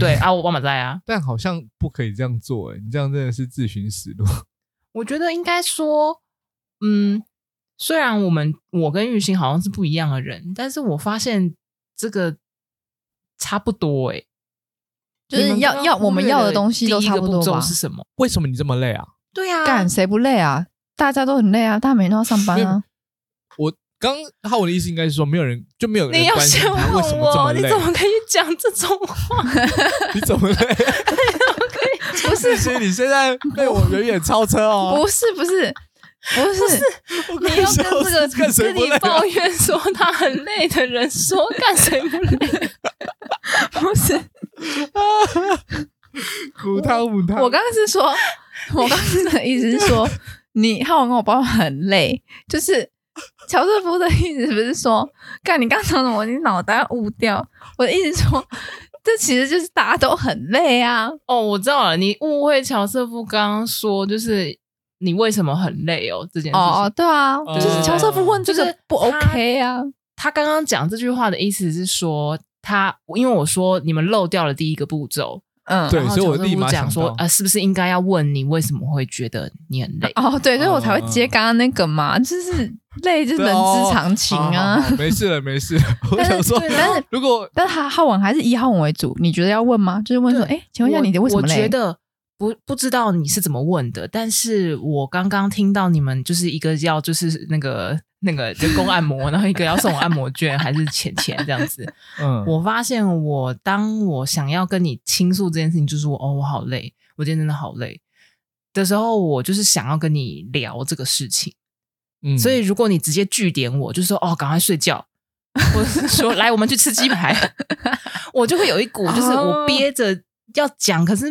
對啊，我嘛知啊， [LAUGHS] 但好像不可以這樣做、欸、你這樣真的是自尋死路。 [LAUGHS] 我覺得應該說，嗯。雖然我們我跟郁欣好像是不一樣的人，但是我發現這個差不多誒、欸、就是要剛剛是、就是、要，要我們要的東西都差不多。是什麼？為什麼你這麼累啊？對啊幹誰不累啊？大家都很累啊，大家每天都要上班啊。我剛剛皓文的意思應該是說，沒有人就沒有人麼麼，你要先問我，你怎麼可以講這種話？ [LAUGHS] [LAUGHS] [LAUGHS] 你怎麼累？可 [LAUGHS] 以？ [LAUGHS] [LAUGHS] [LAUGHS] [LAUGHS] [LAUGHS] 不是，郁 [LAUGHS] 欣，你現在被我遠遠超車哦。 [LAUGHS] 不是，不是。不是，是，你要跟這個跟你抱怨說他很累的人說幹誰不累，啊？ [LAUGHS] 不是，胡濤苦濤我剛剛是， [LAUGHS] 是說，我剛剛的意思是說， [LAUGHS] 你，皓文 [LAUGHS] 我跟我抱怨很累，就是喬瑟夫的意思不是說，幹你剛才怎麼你腦袋捂掉。我的意思說，這其實就是大家都很累啊。哦，我知道了，你誤會喬瑟夫剛剛說就是。你為什麼很累哦？這件事情哦哦，對啊，就是喬瑟夫問，這、嗯、個。不 OK 啊。他剛剛講這句話的意思是說，他因為我說你們漏掉了第一個步驟，嗯，對。所以我立馬講說，啊、呃，是不是應該要問你為什麼會覺得你很累？哦，對，所、嗯、以我才會接剛剛那個嘛，就是累就是人之常情啊，哦、沒事了沒事了。 [LAUGHS] 但是 [LAUGHS] 我想說，對，但是如果，但是他皓文還是以皓文為主，你覺得要問嗎？就是問說，哎，請問一下你的為什麼累？我覺得不不知道，你是怎麼問的，但是我剛剛聽到你們就是一個要就是那個那個人工按摩， [LAUGHS] 然後一個要送我按摩券 [LAUGHS] 還是錢錢這樣子。嗯，我發現我當我想要跟你傾訴這件事情，就是我哦我好累，我今天真的好累的時候，我就是想要跟你聊這個事情。嗯，所以如果你直接句點我就，就是說哦趕快睡覺，我是說 [LAUGHS] 來我們去吃雞排， [LAUGHS] 我就會有一股就是我憋着要講、哦，可是。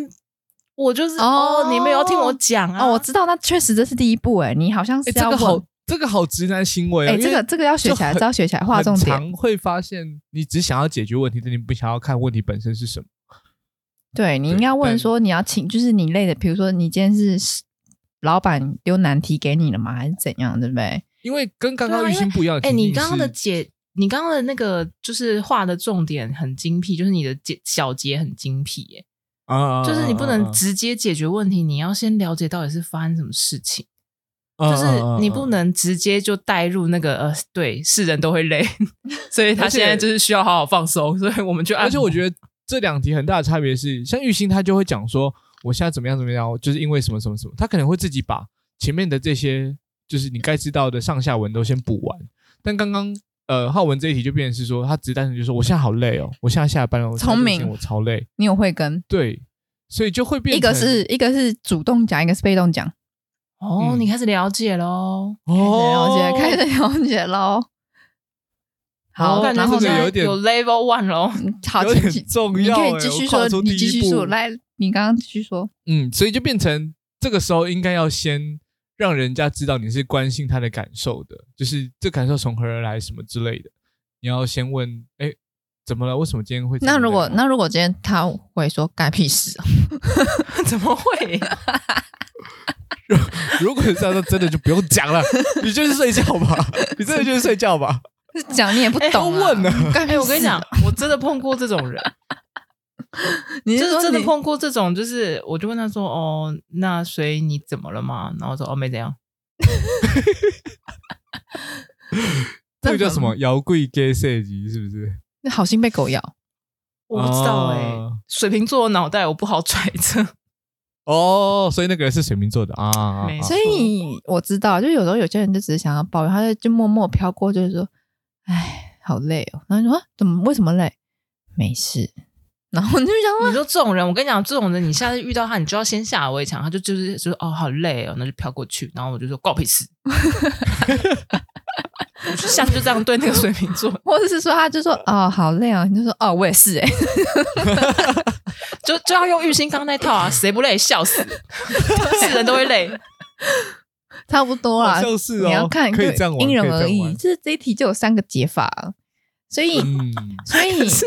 我就是哦，哦，你沒有聽我講啊、哦！我知道，那確實這是第一步誒、欸，你好像是要、欸、這個、好，這個好直男行為誒、哦欸，這個這個要學起來，要學起來。畫重點常會發現，你只想要解決問題的，但你不想要看問題本身是什麼？對，你應該問說，你問說，你要請就是你累的，比如說你今天是老闆丟難題給你了嗎，還是怎樣，對不對？因為跟剛剛郁欣不一樣。哎、啊欸，你剛剛的解，你剛剛的那個就是畫的重點很精闢，就是你的解，小結很精闢、欸，啊，就是你不能直接解決問題，你要先了解到底是發生什麼事情。啊啊啊啊啊啊啊啊，就是你不能直接就帶入那個呃，對，是人都會累， [LAUGHS] 所以他現在就是需要好好放鬆。所以我們就，而且我覺得這兩題很大的差別是，像郁欣他就會講說，我現在怎麼樣怎麼樣，就是因為什麼什麼什麼，他可能會自己把前面的這些就是你該知道的上下文都先補完。但剛剛。呃，浩文這一題就變成是說，他直接單純就說，我現在好累哦，我現在下班了，我聰明，我超累。你有慧根。對，所以就會變成一個是一個是主動講，一個是被動講。哦、嗯，你開始了解嘍、哦，開始了解，開始了解嘍、哦。好，那後面有點有 level one 哦？好，有點重要、欸，你可以繼續說，你繼續說，來，你剛剛繼續說。嗯，所以就變成這個時候應該要先。讓人家知道你是關心他的感受的，就是這感受從何而來，什麼之類的，你要先問：哎，怎麼了？為什麼今天會？那如果那如果今天他會說干屁事？ [LAUGHS] 怎麼會、啊 [LAUGHS] 如？如果這樣那真的就不用講了，你就是睡覺吧，你真的就是睡覺吧。講你也不懂、啊，都問了。干屁。我跟你講，我真的碰過這種人。你就是真的碰過這種？就是我就問他說：“哦，那所以你怎麼了嘛？”然後我說：“哦，沒怎樣。 [LAUGHS] [LAUGHS] [LAUGHS] 這”那個叫什麼搖櫃 g a 設計是不是？那好心被狗咬，啊、我不知道哎、欸。水瓶座的腦袋我不好揣測。哦，所以那個人是水瓶座的啊沒。所以我知道，就有時候有些人就只是想要抱，他就默默飄過，就是說：“哎，好累哦。”然後你說、啊：“怎麼？為什麼累？”沒事。然後你就講，你說這種人，我跟你講，這種人，你下次遇到他，你就要先下圍牆，他就就是就是哦，好累哦，那就飄過去。然後我就說，Go piss，像就這樣對那個水瓶座，或者是說，他就說哦，好累哦，你就說哦，我也是哎、欸， [LAUGHS] 就就要用郁欣剛那套啊，誰不累，笑死，是 [LAUGHS] 人都會累， [LAUGHS] 差不多啊，就是、哦、你要看，可以這樣玩，因人而異，可以這樣玩就這、是、這一題就有三個解法。所以，嗯、所以是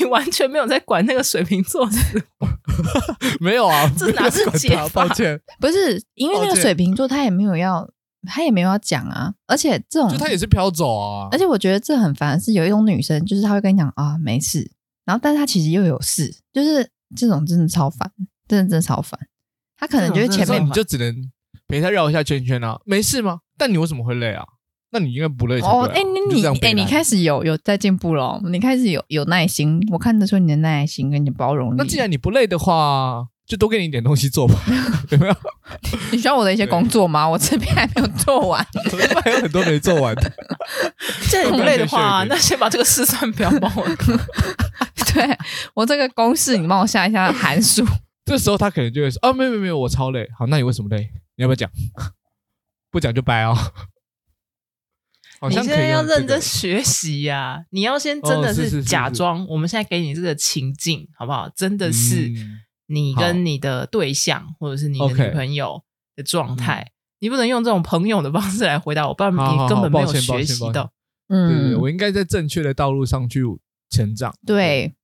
你完全沒有在管那個水瓶座是、是， [LAUGHS] 沒有啊？ [LAUGHS] 這哪是解？啊？抱歉，不是，因為那個水瓶座他也沒有要，他也沒有要講啊。而且這種就他也是飄走啊。而且我覺得這很煩，是有一種女生，就是他會跟你講啊，沒事，然後但是他其實又有事，就是這種真的超煩，真的真的超煩。他可能覺得前面你就只能陪他繞一下圈圈啊，沒事嗎？但你為什麼會累啊？那你應該不累、啊。哦、哎、欸，那你，哎、欸，你開始有有在進步了、哦，你開始有有耐心。我看得出你的耐心跟你包容。那既然你不累的話，就多給你一點東西做吧， [LAUGHS] 有沒有？你需要我的一些工作嗎？我這邊還沒有做完，我這邊還有很多沒做完的。這 [LAUGHS] 不累的話， [LAUGHS] 那先把這個試算表幫我， [LAUGHS] [LAUGHS] 對，我這個公式你幫我下一下函數。 [LAUGHS] 這時候他可能就會說：“啊，沒有沒有沒有，我超累。”好，那你為什麼累？你要不要講？不講就掰哦。你現在要認真學習呀、啊！你要先真的是假裝，我們現在給你這個情境，好不好？真的是你跟你的對象或者是你的女朋友的狀態，你不能用這種朋友的方式來回答我，不然你根本沒有學習到。嗯，我應該在正確的道路上去成長。對，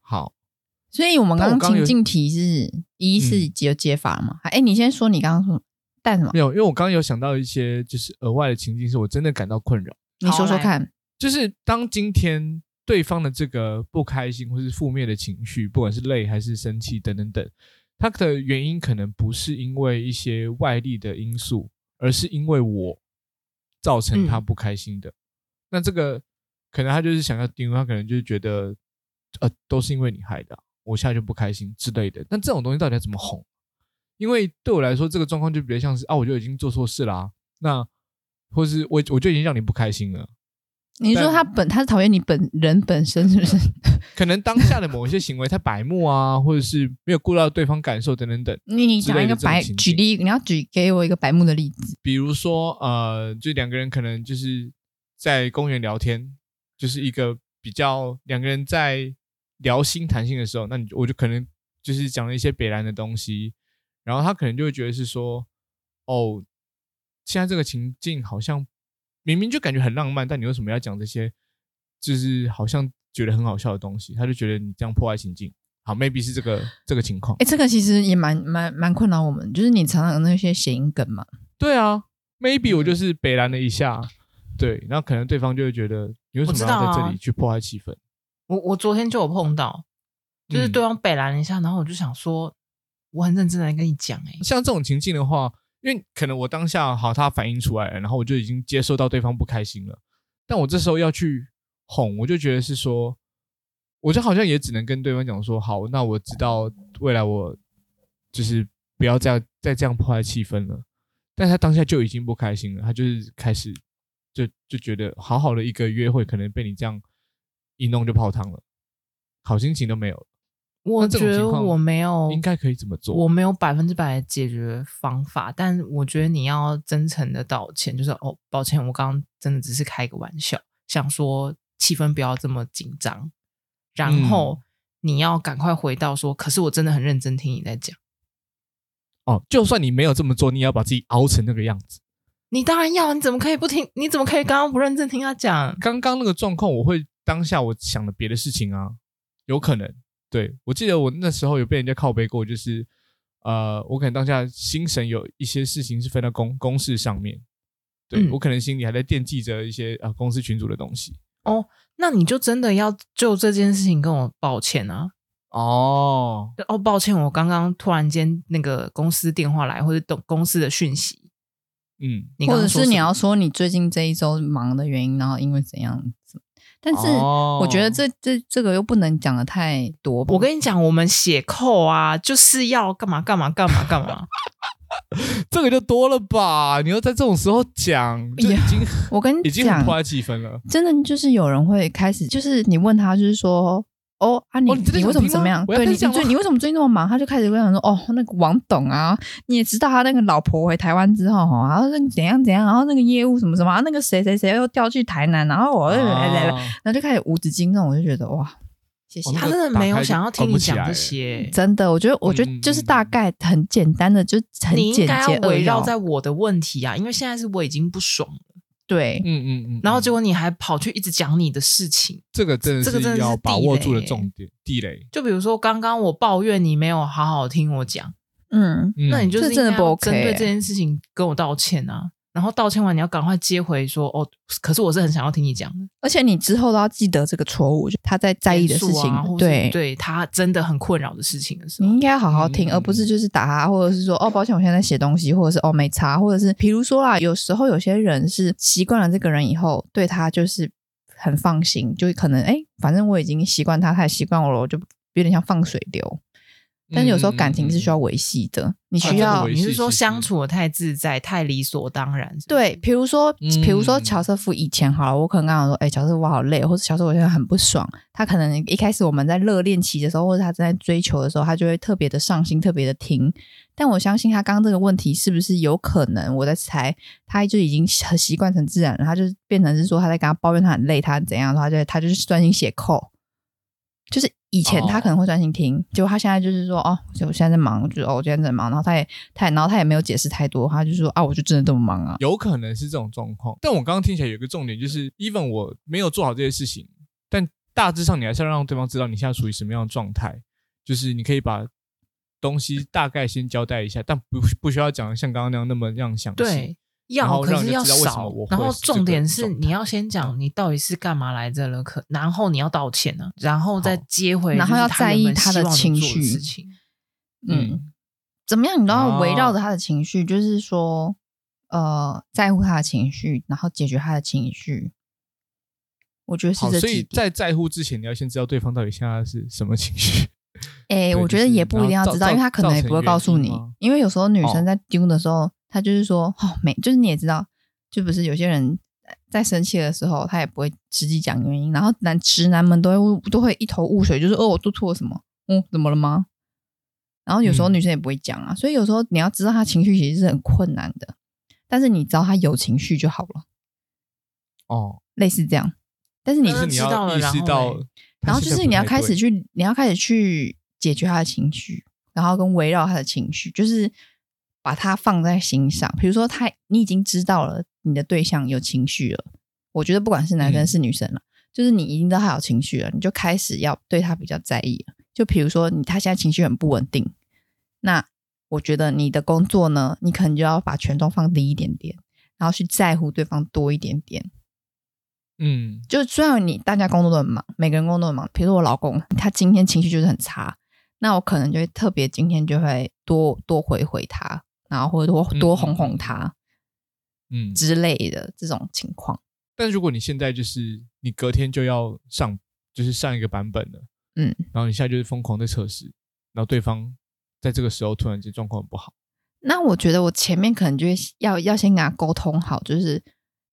好。所以我們剛剛情境題是剛剛一是解法嘛？哎、嗯欸，你先說，你剛剛說。沒有，因為我剛剛有想到一些就是額外的情境，是我真的感到困擾。你說說看，就是當今天對方的這個不開心或是負面的情緒，不管是累還是生氣等等等，他的原因可能不是因為一些外力的因素，而是因為我造成他不開心的。嗯、那這個可能他就是想要盯，他可能就是覺得，呃，都是因為你害的，我現在就不開心之類的。但這種東西到底要怎麼哄？因為對我來說，這個狀況就比較像是啊，我就已經做錯事啦、啊。那，或是我，我就已經讓你不開心了。你說他本他是討厭你本人本身是不是？可能，可能當下的某一些行為， [LAUGHS] 他白目啊，或者是沒有顧到對方感受等等等，等你。你講一個白，舉例，你要舉給我一個白目的例子。比如說，呃，就兩個人可能就是在公園聊天，就是一個比較兩個人在聊心談心的時候，那你我就可能就是講了一些別人的東西。然後他可能就會覺得是說，哦，現在這個情境好像明明就感覺很浪漫，但你為什麼要講這些，就是好像覺得很好笑的東西？他就覺得你這樣破壞情境。好，maybe 是這個這個情況。哎，這個其實也蠻蠻蠻困擾我們，就是你常常有那些諧音梗嘛。對啊，maybe 我就是北爛了一下，對，然後可能對方就會覺得你為什麼要在這裡去破壞氣氛？我、啊、我,我昨天就有碰到，就是對方北爛了一下、嗯，然後我就想說。我很認真的跟你講，哎，像這種情境的話，因為可能我當下好，他反應出來了，然後我就已經接受到對方不開心了。但我這時候要去哄，我就覺得是說，我就好像也只能跟對方講說，好，那我知道未來我就是不要再再這樣破壞氣氛了。但他當下就已經不開心了，他就是開始就就覺得，好好的一個約會，可能被你這樣一弄就泡湯了，好心情都沒有。我覺得我沒有應該可以怎麼做？我沒有百分之百的解決方法，但我覺得你要真誠的道歉，就是哦，抱歉，我剛剛真的只是開個玩笑，想說氣氛不要這麼緊張。然後你要趕快回到說、嗯，可是我真的很認真聽你在講。哦，就算你沒有這麼做，你也要把自己熬成那個樣子。你當然要，你怎麼可以不聽？你怎麼可以剛剛不認真聽他講？嗯、剛剛那個狀況，我會當下我想了別的事情啊，有可能。對，我記得我那時候有被人家靠背過，就是，呃，我可能當下心神有一些事情是分到公公事上面，對、嗯、我可能心裡還在惦記着一些呃公司群組的東西。哦，那你就真的要就這件事情跟我抱歉啊？哦，哦，抱歉，我剛剛突然間那個公司電話來，或者等公司的訊息，嗯剛剛，或者是你要說你最近這一周忙的原因，然後因為怎樣子？但是我覺得這、oh. 這這，這個又不能講得太多吧。我跟你講，我們寫扣啊，就是要幹嘛幹嘛幹嘛幹嘛， [LAUGHS] 這個就多了吧。你要在這種時候講，就已經 [LAUGHS] 我跟你講，已經很破壞氣氛了。真的就是有人會開始，就是你問他，就是說。Oh, oh, 啊、哦，啊，你你為什麼怎麼樣？對，你最你為什麼最近那麼忙？他就開始會想說，哦，那個王董啊，你也知道他那個老婆回台灣之後哈，然後那怎樣怎樣，然後那個業務什麼什麼，那個誰誰誰又調去台南，然後我又來來來、哦，然後就開始無止境，那我就覺得哇，謝謝，他真的沒有想要聽你講這些，真的，我覺得我覺得就是大概很簡單的，就很簡潔，圍繞在我的問題啊，因為現在是我已經不爽了。對，嗯嗯嗯，然後結果你還跑去一直講你的事情，這個真的是要把握住的重點、這個、的地雷地雷。就比如說剛剛我抱怨你沒有好好聽我講，嗯，那你就是真的不該跟對這件事情跟我道歉啊。然後道歉完，你要趕快接回說，說哦，可是我是很想要聽你講的。而且你之後都要記得這個錯誤，就他在在意的事情，啊、對，對他真的很困擾的事情的時候，你應該好好聽，嗯嗯嗯，而不是就是打他，或者是說哦，抱歉，我現在在寫東西，或者是哦沒差，或者是比如說啦，有時候有些人是習慣了這個人以後，對他就是很放心，就可能誒反正我已經習慣他，他也習慣我了，我就有點像放水流。但是有時候感情是需要維繫的，嗯、你需要、啊這個、維繫你是說相處的太自在，太理所當然？對，比如說，比、嗯、如說喬瑟夫以前好了，我可能剛剛說，哎，喬瑟夫我好累，或者喬瑟夫現在很不爽，他可能一開始我們在熱戀期的時候，或者他正在追求的時候，他就會特別的上心，特別的聽。但我相信他剛剛這個問題是不是有可能？我在猜，他就已經很習慣成自然了，他就變成是說他在跟他抱怨他很累，他怎樣的話，就他就是專心寫扣，就是。以前他可能會專心聽，哦、結果他現在就是說哦，我現在在忙，就是哦，我今天在，在忙，然後他也他也然後他也沒有解釋太多，他就說啊，我就真的這麼忙啊，有可能是這種狀況。但我剛剛聽起來有個重點，就是 even 我沒有做好這些事情，但大致上你還是要讓對方知道你現在處於什麼樣的狀態，就是你可以把東西大概先交代一下，但不不需要講像剛剛那樣那麼樣詳細。對要可是要少、這個，然後重點是你要先講你到底是幹嘛來着了，可、嗯、然後你要道歉呢、啊，然後再接回，然後要在意他的情緒，嗯，嗯怎麼樣你都要圍繞着他的情緒，哦、就是說呃，在乎他的情緒，然後解決他的情緒，我覺得是這所以，在在乎之前，你要先知道對方到底現在是什麼情緒。哎，我覺得也不一定要知道，因為他可能也不會告訴你因，因為有時候女生在丟的時候。哦他就是說，哦，沒就是你也知道，就不是有些人在生氣的時候，他也不會直接講原因，然後男直男們都會都會一頭霧水，就是哦，我做錯了什麼？嗯，怎麼了嗎？然後有時候女生也不會講啊、嗯，所以有時候你要知道他情緒其實是很困難的，但是你知道他有情緒就好了。哦，類似這樣，但是你但是你要意識到了然、欸，然後就是你要開始去，你要開始去解決他的情緒，然後跟圍繞他的情緒，就是。把他放在心上，比如說他，你已經知道了你的對象有情緒了。我覺得不管是男生是女生了，嗯、就是你已經知道他有情緒了，你就開始要對他比較在意了。就比如說你他現在情緒很不穩定，那我覺得你的工作呢，你可能就要把權重放低一點點，然後去在乎對方多一點點。嗯，就雖然你大家工作都很忙，每個人工作都很忙。比如說我老公，他今天情緒就是很差，那我可能就會特別今天就會多多回回他。然後或者多多哄哄他，嗯之類的、嗯、這種情況。但如果你現在就是你隔天就要上，就是上一個版本了，嗯，然後你現在就是瘋狂的測試，然後對方在這個時候突然間狀況不好，那我覺得我前面可能就要要先跟他溝通好，就是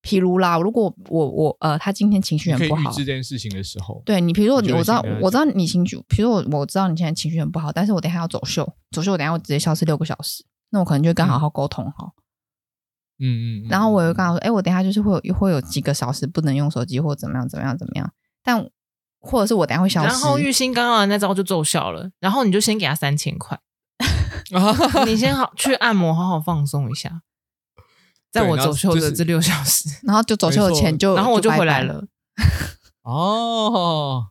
譬如啦，如果我我，我呃他今天情緒很不好，預知這件事情的時候，對你，譬你，你，譬如我，我知道我知道你情緒，比如我我知道你現在情緒很不好，但是我等一下要走秀，走秀我等一下我直接消失六個小時。那我可能就跟好好溝通好，嗯嗯，然後我又剛好說，哎，我等一下就是會有會有幾個小時不能用手機或怎麼樣怎麼樣怎麼樣，但或者是我等一下會消失。然後郁欣剛剛、啊、那招就奏效了，然後你就先給他三千塊， [LAUGHS] 你先好 [LAUGHS] 去按摩，好好放鬆一下，在我走秀的這六小時，然後，就是、然後就走秀的錢就，就然後我就回來了。 [LAUGHS] 哦，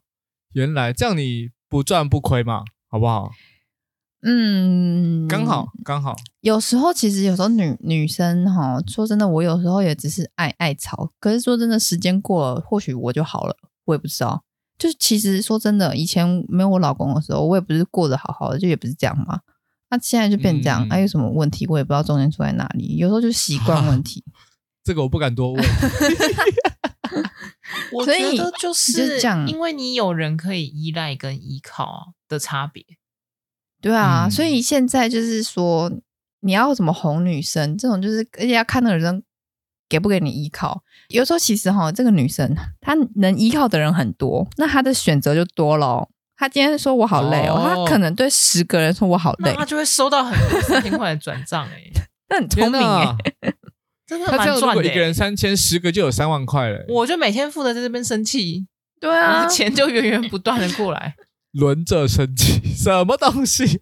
原來這樣，你不賺不虧嘛，好不好？嗯，剛好剛好。有時候其實有時候女女生哈，說真的，我有時候也只是愛愛吵。可是說真的，時間過了，或許我就好了，我也不知道。就是其實說真的，以前沒有我老公的時候，我也不是過得好好的，就也不是這樣嘛。那、啊、現在就變成這樣，還、嗯啊、有什麼問題，我也不知道。中間出在哪裡，有時候就習慣問題。這個我不敢多問。 [LAUGHS] [LAUGHS] [LAUGHS] 我覺得就是，就是這樣，因為你有人可以依賴跟依靠的差別。對啊、嗯，所以現在就是說，你要怎麼哄女生？這種就是，而且要看那個女生給不給你依靠。有時候其實哈，這個女生她能依靠的人很多，那她的選擇就多嘍。她今天說我好累哦，哦，她可能對十個人說我好累，她就會收到很多四千塊的轉賬哎，那 [LAUGHS] 很聰明哎、欸啊，真的蠻賺、欸、一個人三千，十個就有三萬塊了、欸。我就每天負責在這邊生氣，對啊，然後錢就源源不斷的過來。 [LAUGHS] 輪着升級，什麼東西？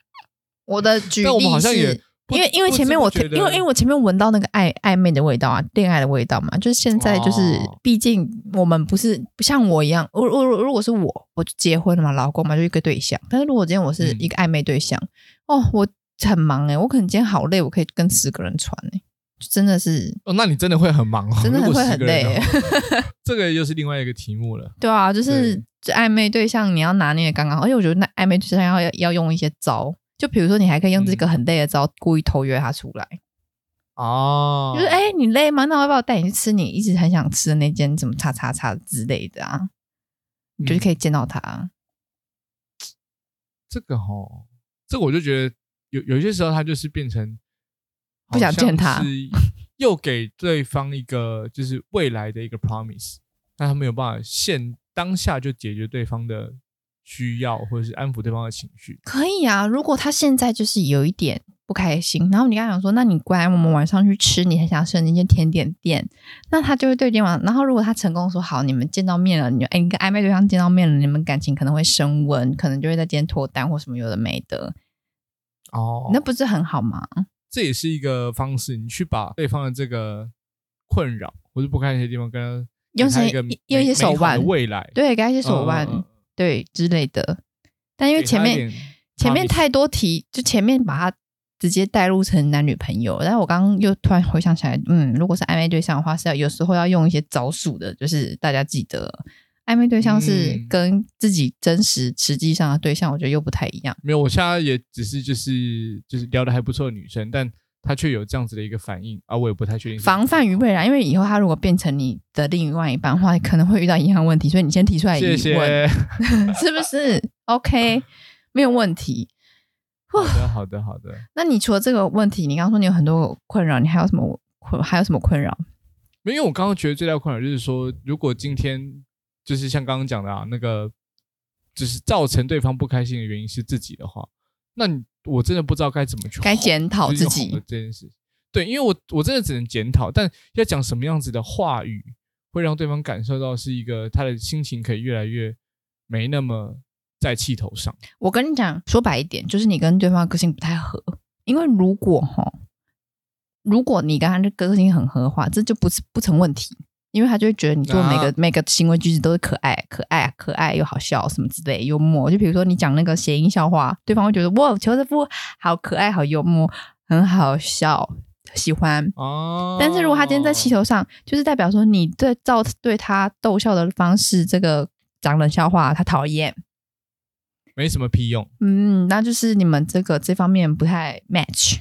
[LAUGHS] 我的舉例是，我們好像也，因為因為前面我，不不因為因為我前面聞到那個曖曖昧的味道啊，戀愛的味道嘛，就是現在就是、哦，畢竟我們不是不像我一樣，我我如果是我，我就結婚了嘛，老公嘛，就一個對象，但是如果今天我是一個曖昧對象，嗯、哦，我很忙哎、欸，我可能今天好累，我可以跟十個人傳哎、欸。真的是哦，那你真的會很忙哦，真的很會很累。累欸、 [LAUGHS] 這個又是另外一個題目了。對啊，就是曖昧對象你要拿捏剛剛好，而且我覺得那曖昧對象要要用一些招，就比如說你還可以用這個很累的招，嗯、故意偷約他出來。哦，就是哎、欸，你累嗎？那我要不要帶你去吃你一直很想吃的那間什麼叉叉叉叉之類的啊？嗯、你就是可以見到他。嗯、這個吼，這我就覺得有有些時候他就是變成。不想見他，是又給對方一個就是未來的一個 promise，那 [LAUGHS] 他沒有辦法現當下就解決對方的需要，或者是安撫對方的情緒。可以啊，如果他現在就是有一點不開心，然後你剛才想說，那你乖，我們晚上去吃，你很想吃那間甜點店，那他就會對今天晚，然後如果他成功說好，你們見到面了，你哎，你跟曖昧對象見到面了，你們感情可能會升溫，可能就會在今天脫單或什麼有的沒的。哦，那不是很好嗎？這也是一個方式，你去把對方的這個困擾或者不看一些地方，跟他用他一些、用一些手腕，未來對，給他一些手腕、嗯，對之類的。但因為前面，前面太多題，就前面把他直接帶入成男女朋友。但我剛剛又突然回想起來，嗯，如果是曖昧對象的話，是要有時候要用一些招數的，就是大家記得。曖昧對象是跟自己真實實際上的對象、嗯，我覺得又不太一樣。沒有，我現在也只是就是就是聊的還不錯的女生，但她卻有這樣子的一個反應，而、啊、我也不太確定。防範於未然，哦，因為以後她如果變成你的另外一半的話、嗯，可能會遇到一樣的問題，所以你先提出來疑問，謝謝 [LAUGHS] 是不是？OK， [LAUGHS] 沒有問題。好的，好的，好的。那你除了這個問題，你剛剛說你有很多困擾，你還有什麼困？還有什麼困擾？沒有，我剛剛覺得最大困擾就是說，如果今天。就是像剛剛講的啊，那個，就是造成對方不開心的原因是自己的話，那你我真的不知道該怎麼去哄。該檢討自己、就是、這件事。對，因為我我真的只能檢討，但要講什麼樣子的話語，會讓對方感受到是一個他的心情可以越來越沒那麼在氣頭上。我跟你講，說白一點，就是你跟對方個性不太合。因為如果哈、哦，如果你跟他的個性很合的話，這就不是不成問題。因為他就會覺得你做每個每個行為舉止都是可愛、可愛、可愛又好笑什麼之類的幽默。就比如說你講那個諧音笑話，對方會覺得哇，喬瑟夫好可愛、好幽默、很好笑，喜歡。哦。但是如果他今天在氣頭上，就是代表說你這造對他逗笑的方式，這個講冷笑話他討厭，沒什麼屁用。嗯，那就是你們這個這方面不太 match。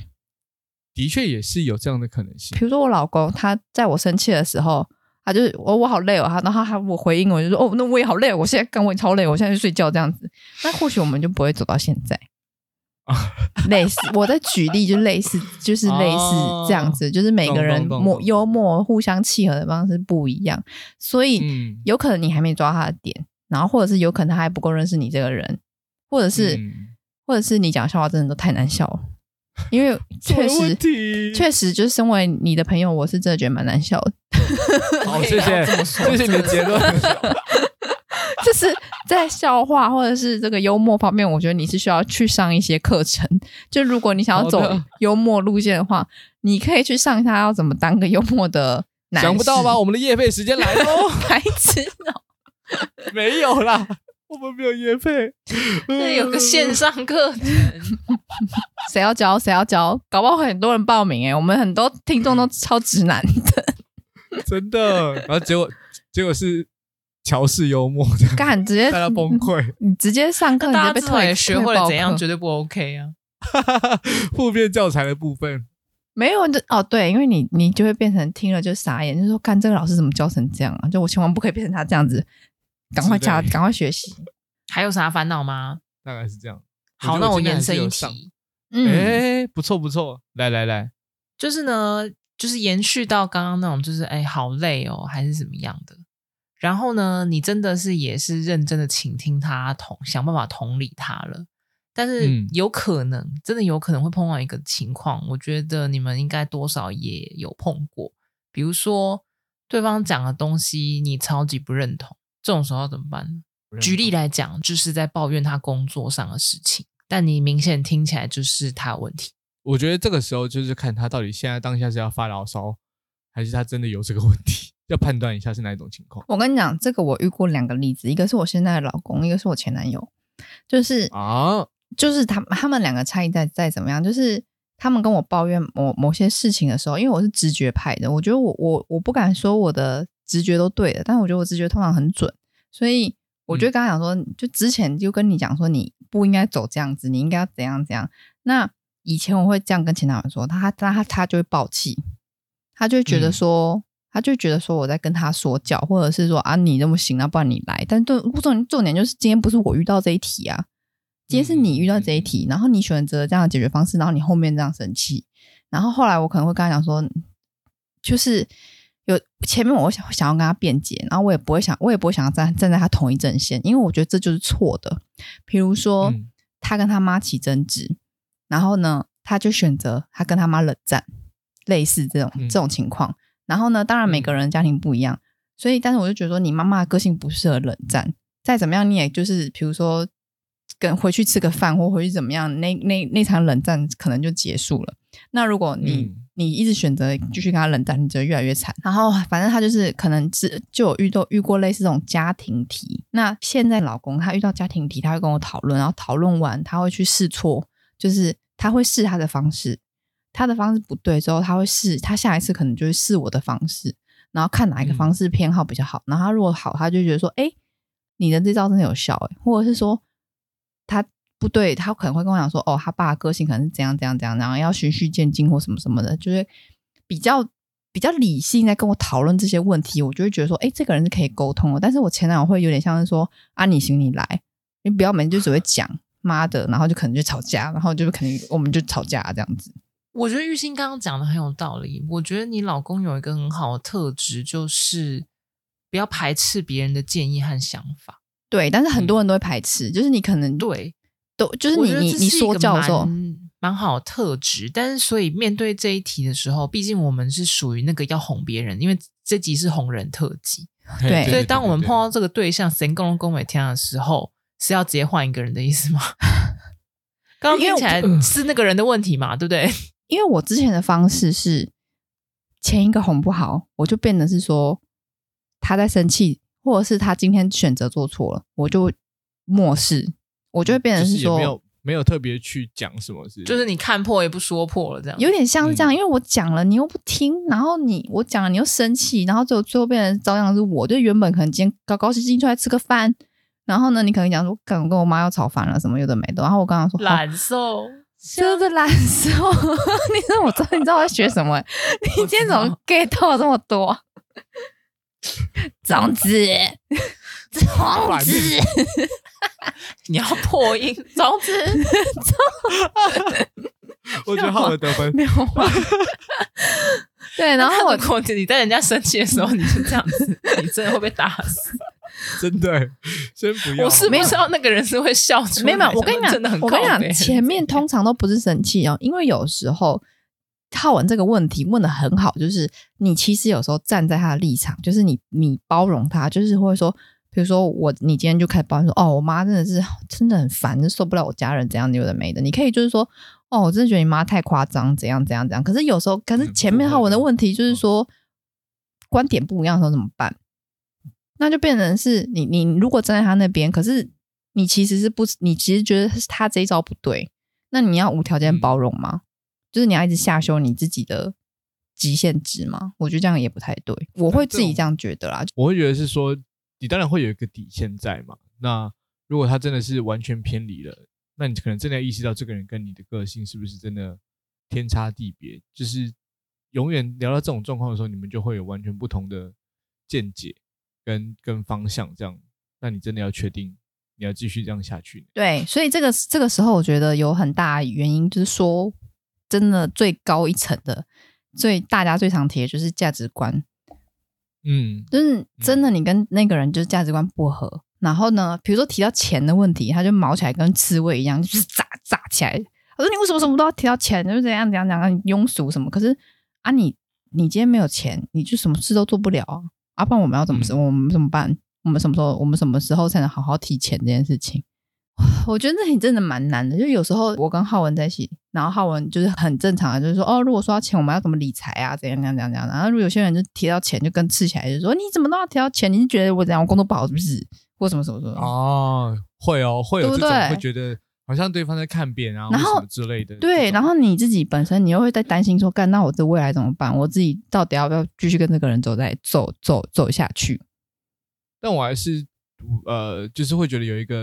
的確也是有這樣的可能性。比如說我老公，他在我生氣的時候。他就是我、哦，我好累哦。他，然後他我回應，我就說哦，那我也好累，我現在剛，我也超累，我現在去睡覺這樣子。那或許我們就不會走到現在。 [LAUGHS] 類似我的舉例，就類似，就是類似這樣子，哦、就是每個人默幽默互相契合的方式不一樣，所以、嗯、有可能你還沒抓他的點，然後或者是有可能他還不夠認識你這個人，或者是、嗯、或者是你講笑話真的都太難笑了。因為確實，確實就是身為你的朋友，我是真的覺得蠻難笑的。好、 [LAUGHS] 哦，謝謝， [LAUGHS] 謝謝你的結論。就 [LAUGHS] 是在笑話或者是這個幽默方面，我覺得你是需要去上一些課程。就如果你想要走幽默路線的話，的你可以去上一下要怎麼當個幽默的男。想不到吧？我們的業配時間來嘍，孩 [LAUGHS] 子知道， [LAUGHS] 沒有啦。我們沒有業配，那 [LAUGHS] [LAUGHS] 有個線上課 [LAUGHS] 誰要教誰要教，搞不好很多人報名哎、欸。我們很多聽眾都超直男的， [LAUGHS] 真的。然後結果結果是喬式幽默，幹直接看到 [LAUGHS] 崩潰。你直接上課，你被突然學會了怎樣，絕對不 OK 啊！負 [LAUGHS] 面教材的部分 [LAUGHS] 沒有，就哦對，因為你你就會變成聽了就傻眼，就是、說看這個老師怎麼教成這樣啊？就我千萬不可以變成他這樣子。趕快加，趕快學習，還有啥煩惱嗎？大概是這樣。好，那我延伸一題。嗯，欸、不錯不錯，來來來，就是呢，就是延續到剛剛那種，就是哎、欸，好累哦，還是怎麼樣的。然後呢，你真的是也是認真的傾聽他，同想辦法同理他了。但是有可能、嗯，真的有可能會碰到一個情況，我覺得你們應該多少也有碰過，比如說對方講的東西你超級不認同。這種時候要怎麼辦呢？舉例來講，就是在抱怨他工作上的事情，但你明顯聽起來就是他的問題。我覺得這個時候就是看他到底現在當下是要發牢騷，還是他真的有這個問題，要判斷一下是哪一種情況。我跟你講，這個我遇過兩個例子，一個是我現在的老公，一個是我前男友。就是啊，就是他他們兩個差異在在怎麼樣？就是他們跟我抱怨某某些事情的時候，因為我是直覺派的，我覺得我我我不敢說我的。直覺都對的，但我覺得我直覺通常很準，所以我就跟他講說、嗯，就之前就跟你講說，你不應該走這樣子，你應該要怎樣怎樣。那以前我會這樣跟前男友說，他他他他就會爆氣，他就會覺得說，嗯、他就覺得說我在跟他說教，或者是說啊，你這麼行啊，那不然你來。但重重點就是今天不是我遇到這一題啊，今天是你遇到這一題，嗯嗯嗯，然後你選擇這樣的解決方式，然後你後面這樣生氣，然後後來我可能會跟他講說，就是。有前面我，我想想要跟他辯解，然後我也不會想，我也不會想要站站在他同一陣線，因為我覺得這就是錯的。比如說、嗯，他跟他媽起爭執，然後呢，他就選擇他跟他媽冷戰，類似這種這種情況、嗯。然後呢，當然每個人的家庭不一樣，所以，但是我就覺得說，你媽媽個性不適合冷戰，再怎麼樣，你也就是比如說跟回去吃個飯或回去怎麼樣，那那那場冷戰可能就結束了。那如果你、嗯、你一直選擇繼續跟他冷戰，你只會越來越慘。然後反正他就是可能只就有遇到遇過類似這種家庭題。那現在老公他遇到家庭題，他會跟我討論，然後討論完他會去試錯，就是他會試他的方式，他的方式不對之後，他會試他下一次可能就是試我的方式，然後看哪一個方式偏好比較好。嗯、然後他如果好，他就覺得說：“哎、欸，你的這招真的有效。”哎，或者是說他。不對，他可能會跟我講說，哦，他爸的個性可能是怎樣怎樣怎樣，然後要循序漸進或什麼什麼的，就是比較比較理性在跟我討論這些問題，我就會覺得說，哎，這個人是可以溝通哦，但是我前男友會有點像是說，啊，你行你來，你不要每天就只會講媽的，然後就可能就吵架，然後就可能我們就吵架、啊、這樣子。我覺得郁欣剛剛講的很有道理。我覺得你老公有一個很好的特質，就是不要排斥別人的建議和想法。對，但是很多人都會排斥，嗯、就是你可能對。都就是你，是一你說叫做嗯，蠻好特質，但是所以面對這一題的時候，畢竟我們是屬於那個要哄別人，因為這集是哄人特輯，對，所以當我們碰到這個對象神功宮美天的時候，是要直接換一個人的意思嗎？剛 [LAUGHS] 剛聽起來是那個人的問題嘛，對不對？因為我之前的方式是前一個哄不好，我就變得是說他在生氣，或者是他今天選擇做錯了，我就漠視。我就會變成是說、就是、沒有沒有特別去講什麼事，就是你看破也不說破了這樣，有點像這樣，嗯、因為我講了你又不聽，然後你我講了你又生氣，然後最後最後變成照樣的是我。就原本可能今天高高興興出來吃個飯，然後呢你可能講說跟我跟我媽要吵翻了什麼有的沒的，然後我剛剛說難受、哦，是不是難受？你怎麼知道你知道我在學什麼、欸？ [LAUGHS] 你今天怎麼 get 到這麼多？總 [LAUGHS] 之種子。 [LAUGHS] 種子，你要破音種子，種子。我覺得皓文得分沒有。 [LAUGHS] 對，然後我我，你在人家生氣的時候，你就這樣子， [LAUGHS] 你真的會被打死。真的，先不要。我是沒想到那個人是會笑出來。沒，沒有，我跟你講的很，我跟你講，前面通常都不是生氣哦， [LAUGHS] 因為有時候皓文這個問題問得很好，就是你其實有時候站在他的立場，就是你你包容他，就是會說。比如說我，你今天就開始抱怨說，哦，我媽真的是真的很煩，就受不了我家人怎樣有的沒的。你可以就是說，哦，我真的覺得你媽太誇張，怎樣怎樣怎樣。可是有時候，可是前面的話，我的問題就是說、嗯是，觀點不一樣的時候怎麼辦？那就變成是你你如果站在她那邊，可是你其實是不，你其實覺得她這一招不對，那你要無條件包容嗎、嗯？就是你要一直下修你自己的極限值嗎？我覺得這樣也不太對，我會自己這樣覺得啦。啊、我會覺得是說。你當然會有一個底線在嘛，那如果他真的是完全偏離了，那你可能真的要意識到這個人跟你的個性是不是真的天差地別？就是永遠聊到這種狀況的時候，你們就會有完全不同的見解跟跟方向。這樣，那你真的要確定你要繼續這樣下去？對，所以這個這個時候，我覺得有很大原因，就是說真的最高一層的，最大家最常提的就是價值觀。嗯，就是真的，你跟那個人就是價值觀不合。嗯、然後呢，比如說提到錢的問題，他就毛起來，跟刺蝟一樣，就是扎扎起來。我說你為什麼什麼都要提到錢？就這樣怎樣怎樣，庸俗什麼？可是啊你，你你今天沒有錢，你就什麼事都做不了啊。啊不然，我們要怎麼？嗯、我們怎麼辦？我們什麼時候？我們什麼時候才能好好提錢這件事情？我覺得那也真的蠻難的，就有時候我跟浩文在一起，然後浩文就是很正常的，就是說哦，如果說要錢，我們要怎麼理財啊，怎樣怎樣怎樣。然後如果有些人就提到錢，就跟刺起來，就說你怎麼都要提到錢？你是覺得我這樣我工作不好，是不是？或什麼什麼什麼？哦，會哦，會有對對這種會覺得好像對方在看扁啊，然後什麼之類的。對，然後你自己本身你又會在擔心說，幹那我這未來怎麼辦？我自己到底要不要繼續跟那個人走在走走走下去？但我還是呃，就是會覺得有一個。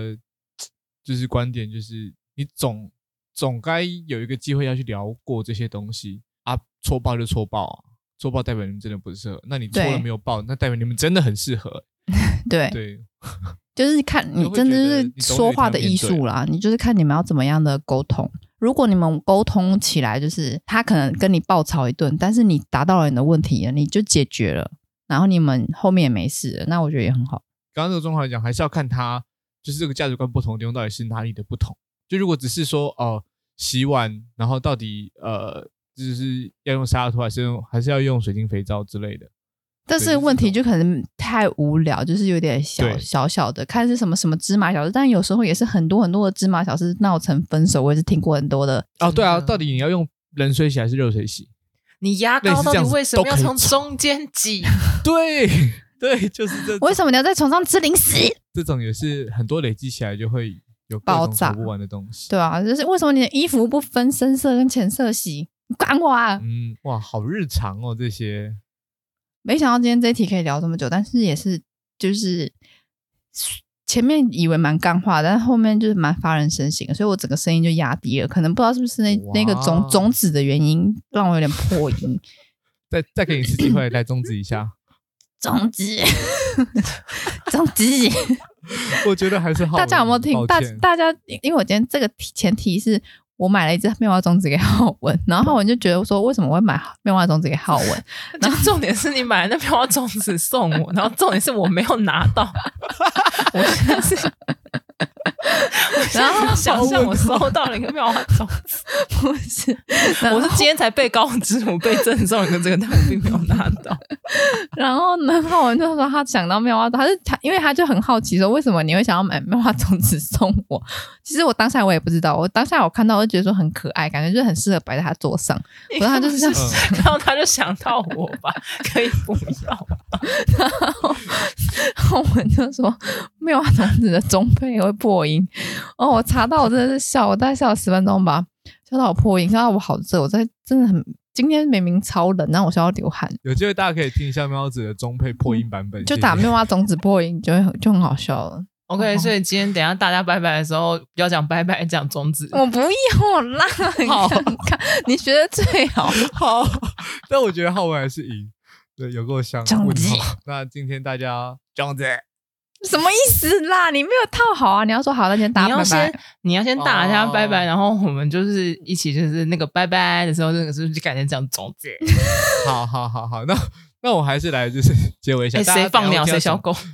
就是觀點，就是你總總該有一個機會要去聊過這些東西啊，戳爆就戳爆啊，戳爆代表你們真的不適合。那你戳了沒有爆，那代表你們真的很適合。對對，就是看你真的就是說話的藝術啦，你就是看你們要怎麼樣的溝通。嗯，如果你們溝通起來，就是他可能跟你爆吵一頓，但是你達到了你的問題了，你就解決了，然後你們後面也沒事了，那我覺得也很好。剛剛這個綜合來講，還是要看他。就是這個價值觀不同的地方到底是哪裡的不同？就如果只是說哦、呃，洗碗，然後到底呃，就是要用沙拉脫還是用還是要用水晶肥皂之類的？但是問題就可能太無聊，就是有點小小小的，看是什麼什麼芝麻小事。但有時候也是很多很多的芝麻小事鬧成分手，我也是聽過很多的。哦，對啊、嗯，到底你要用冷水洗還是熱水洗？你牙膏到底為什麼要從中間擠？ [LAUGHS] 對對，就是這。為什麼你要在床上吃零食？這種也是很多累積起來就會有爆炸不完的東西。對啊，就是為什麼你的衣服不分深色跟淺色洗？你管我啊！嗯，哇，好日常哦，這些。沒想到今天這一題可以聊這麼久，但是也是就是前面以為蠻幹話，但是後面就是蠻發人深省的，所以我整個聲音就壓低了，可能不知道是不是那那個種種子的原因讓我有點破音。 [LAUGHS] 再再給你一次機會，來種子一下。 [COUGHS] 種子。種 [LAUGHS] 子，我覺得還是好。大家有沒有聽？大大家，因為我今天這個前提是我買了一隻妙蛙種子給浩文，然後我就覺得說，為什麼我會買妙蛙種子給浩文？然後重點是你買了那妙蛙種子送我，然後重點是我沒有拿到。 [LAUGHS] 我現在是， [LAUGHS] 然後想象我收到了一個妙蛙種子，我是，我是今天才被告知我被贈送一個這個，但我並沒有拿到。 [LAUGHS] 然後呢，皓文就說他想到妙蛙，他是他，因為他就很好奇說，為什麼你會想要買妙蛙種子送我？其實我當下我也不知道，我當下我看到，我就覺得說很可愛，感覺就很適合擺在他桌上。然 [LAUGHS] 後他就是這樣、嗯，然後他就想到我吧， [LAUGHS] 可以不要 [LAUGHS] [LAUGHS] [LAUGHS] 然，後然後我就說，妙蛙種子的中配也會破音。哦，我查到我真的是笑，我大概笑了十分鐘吧，笑到我破音，笑到我好熱，我在真的很。今天明明超冷，但我是要流汗。有機會大家可以聽一下喵子的中配破音版本，嗯、就打妙蛙種子破音謝謝 [LAUGHS] 就會就很好笑了。OK、嗯、所以今天等一下大家拜拜的時候要講拜拜，講種子。我不要啦，好，你看 [LAUGHS] 你覺得最好？好 [LAUGHS] [LAUGHS] [LAUGHS] [LAUGHS] [LAUGHS] [LAUGHS] 但我覺得浩文還是贏，對，有夠香。種子。 [LAUGHS] 那今天大家種子。什麼意思啦？你沒有套好啊！你要說好，那先打拜拜。你要先打一下、哦、拜拜，然後我們就是一起，就是那個拜拜的時候，那個是不是就改成這樣種子？ [LAUGHS] 好好好好，那那我還是來就是結尾一下，誰放鳥誰小狗。 [LAUGHS] [LAUGHS]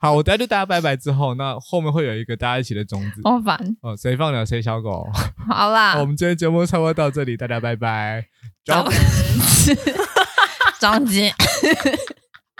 好，我等下就大家拜拜之後，那後面會有一個大家一起的種子。好煩哦，誰放鳥誰小狗？好啦、哦，我們今天節目差不多到這裡，大家拜拜。張 [LAUGHS] 金 [LAUGHS] 總結，張金。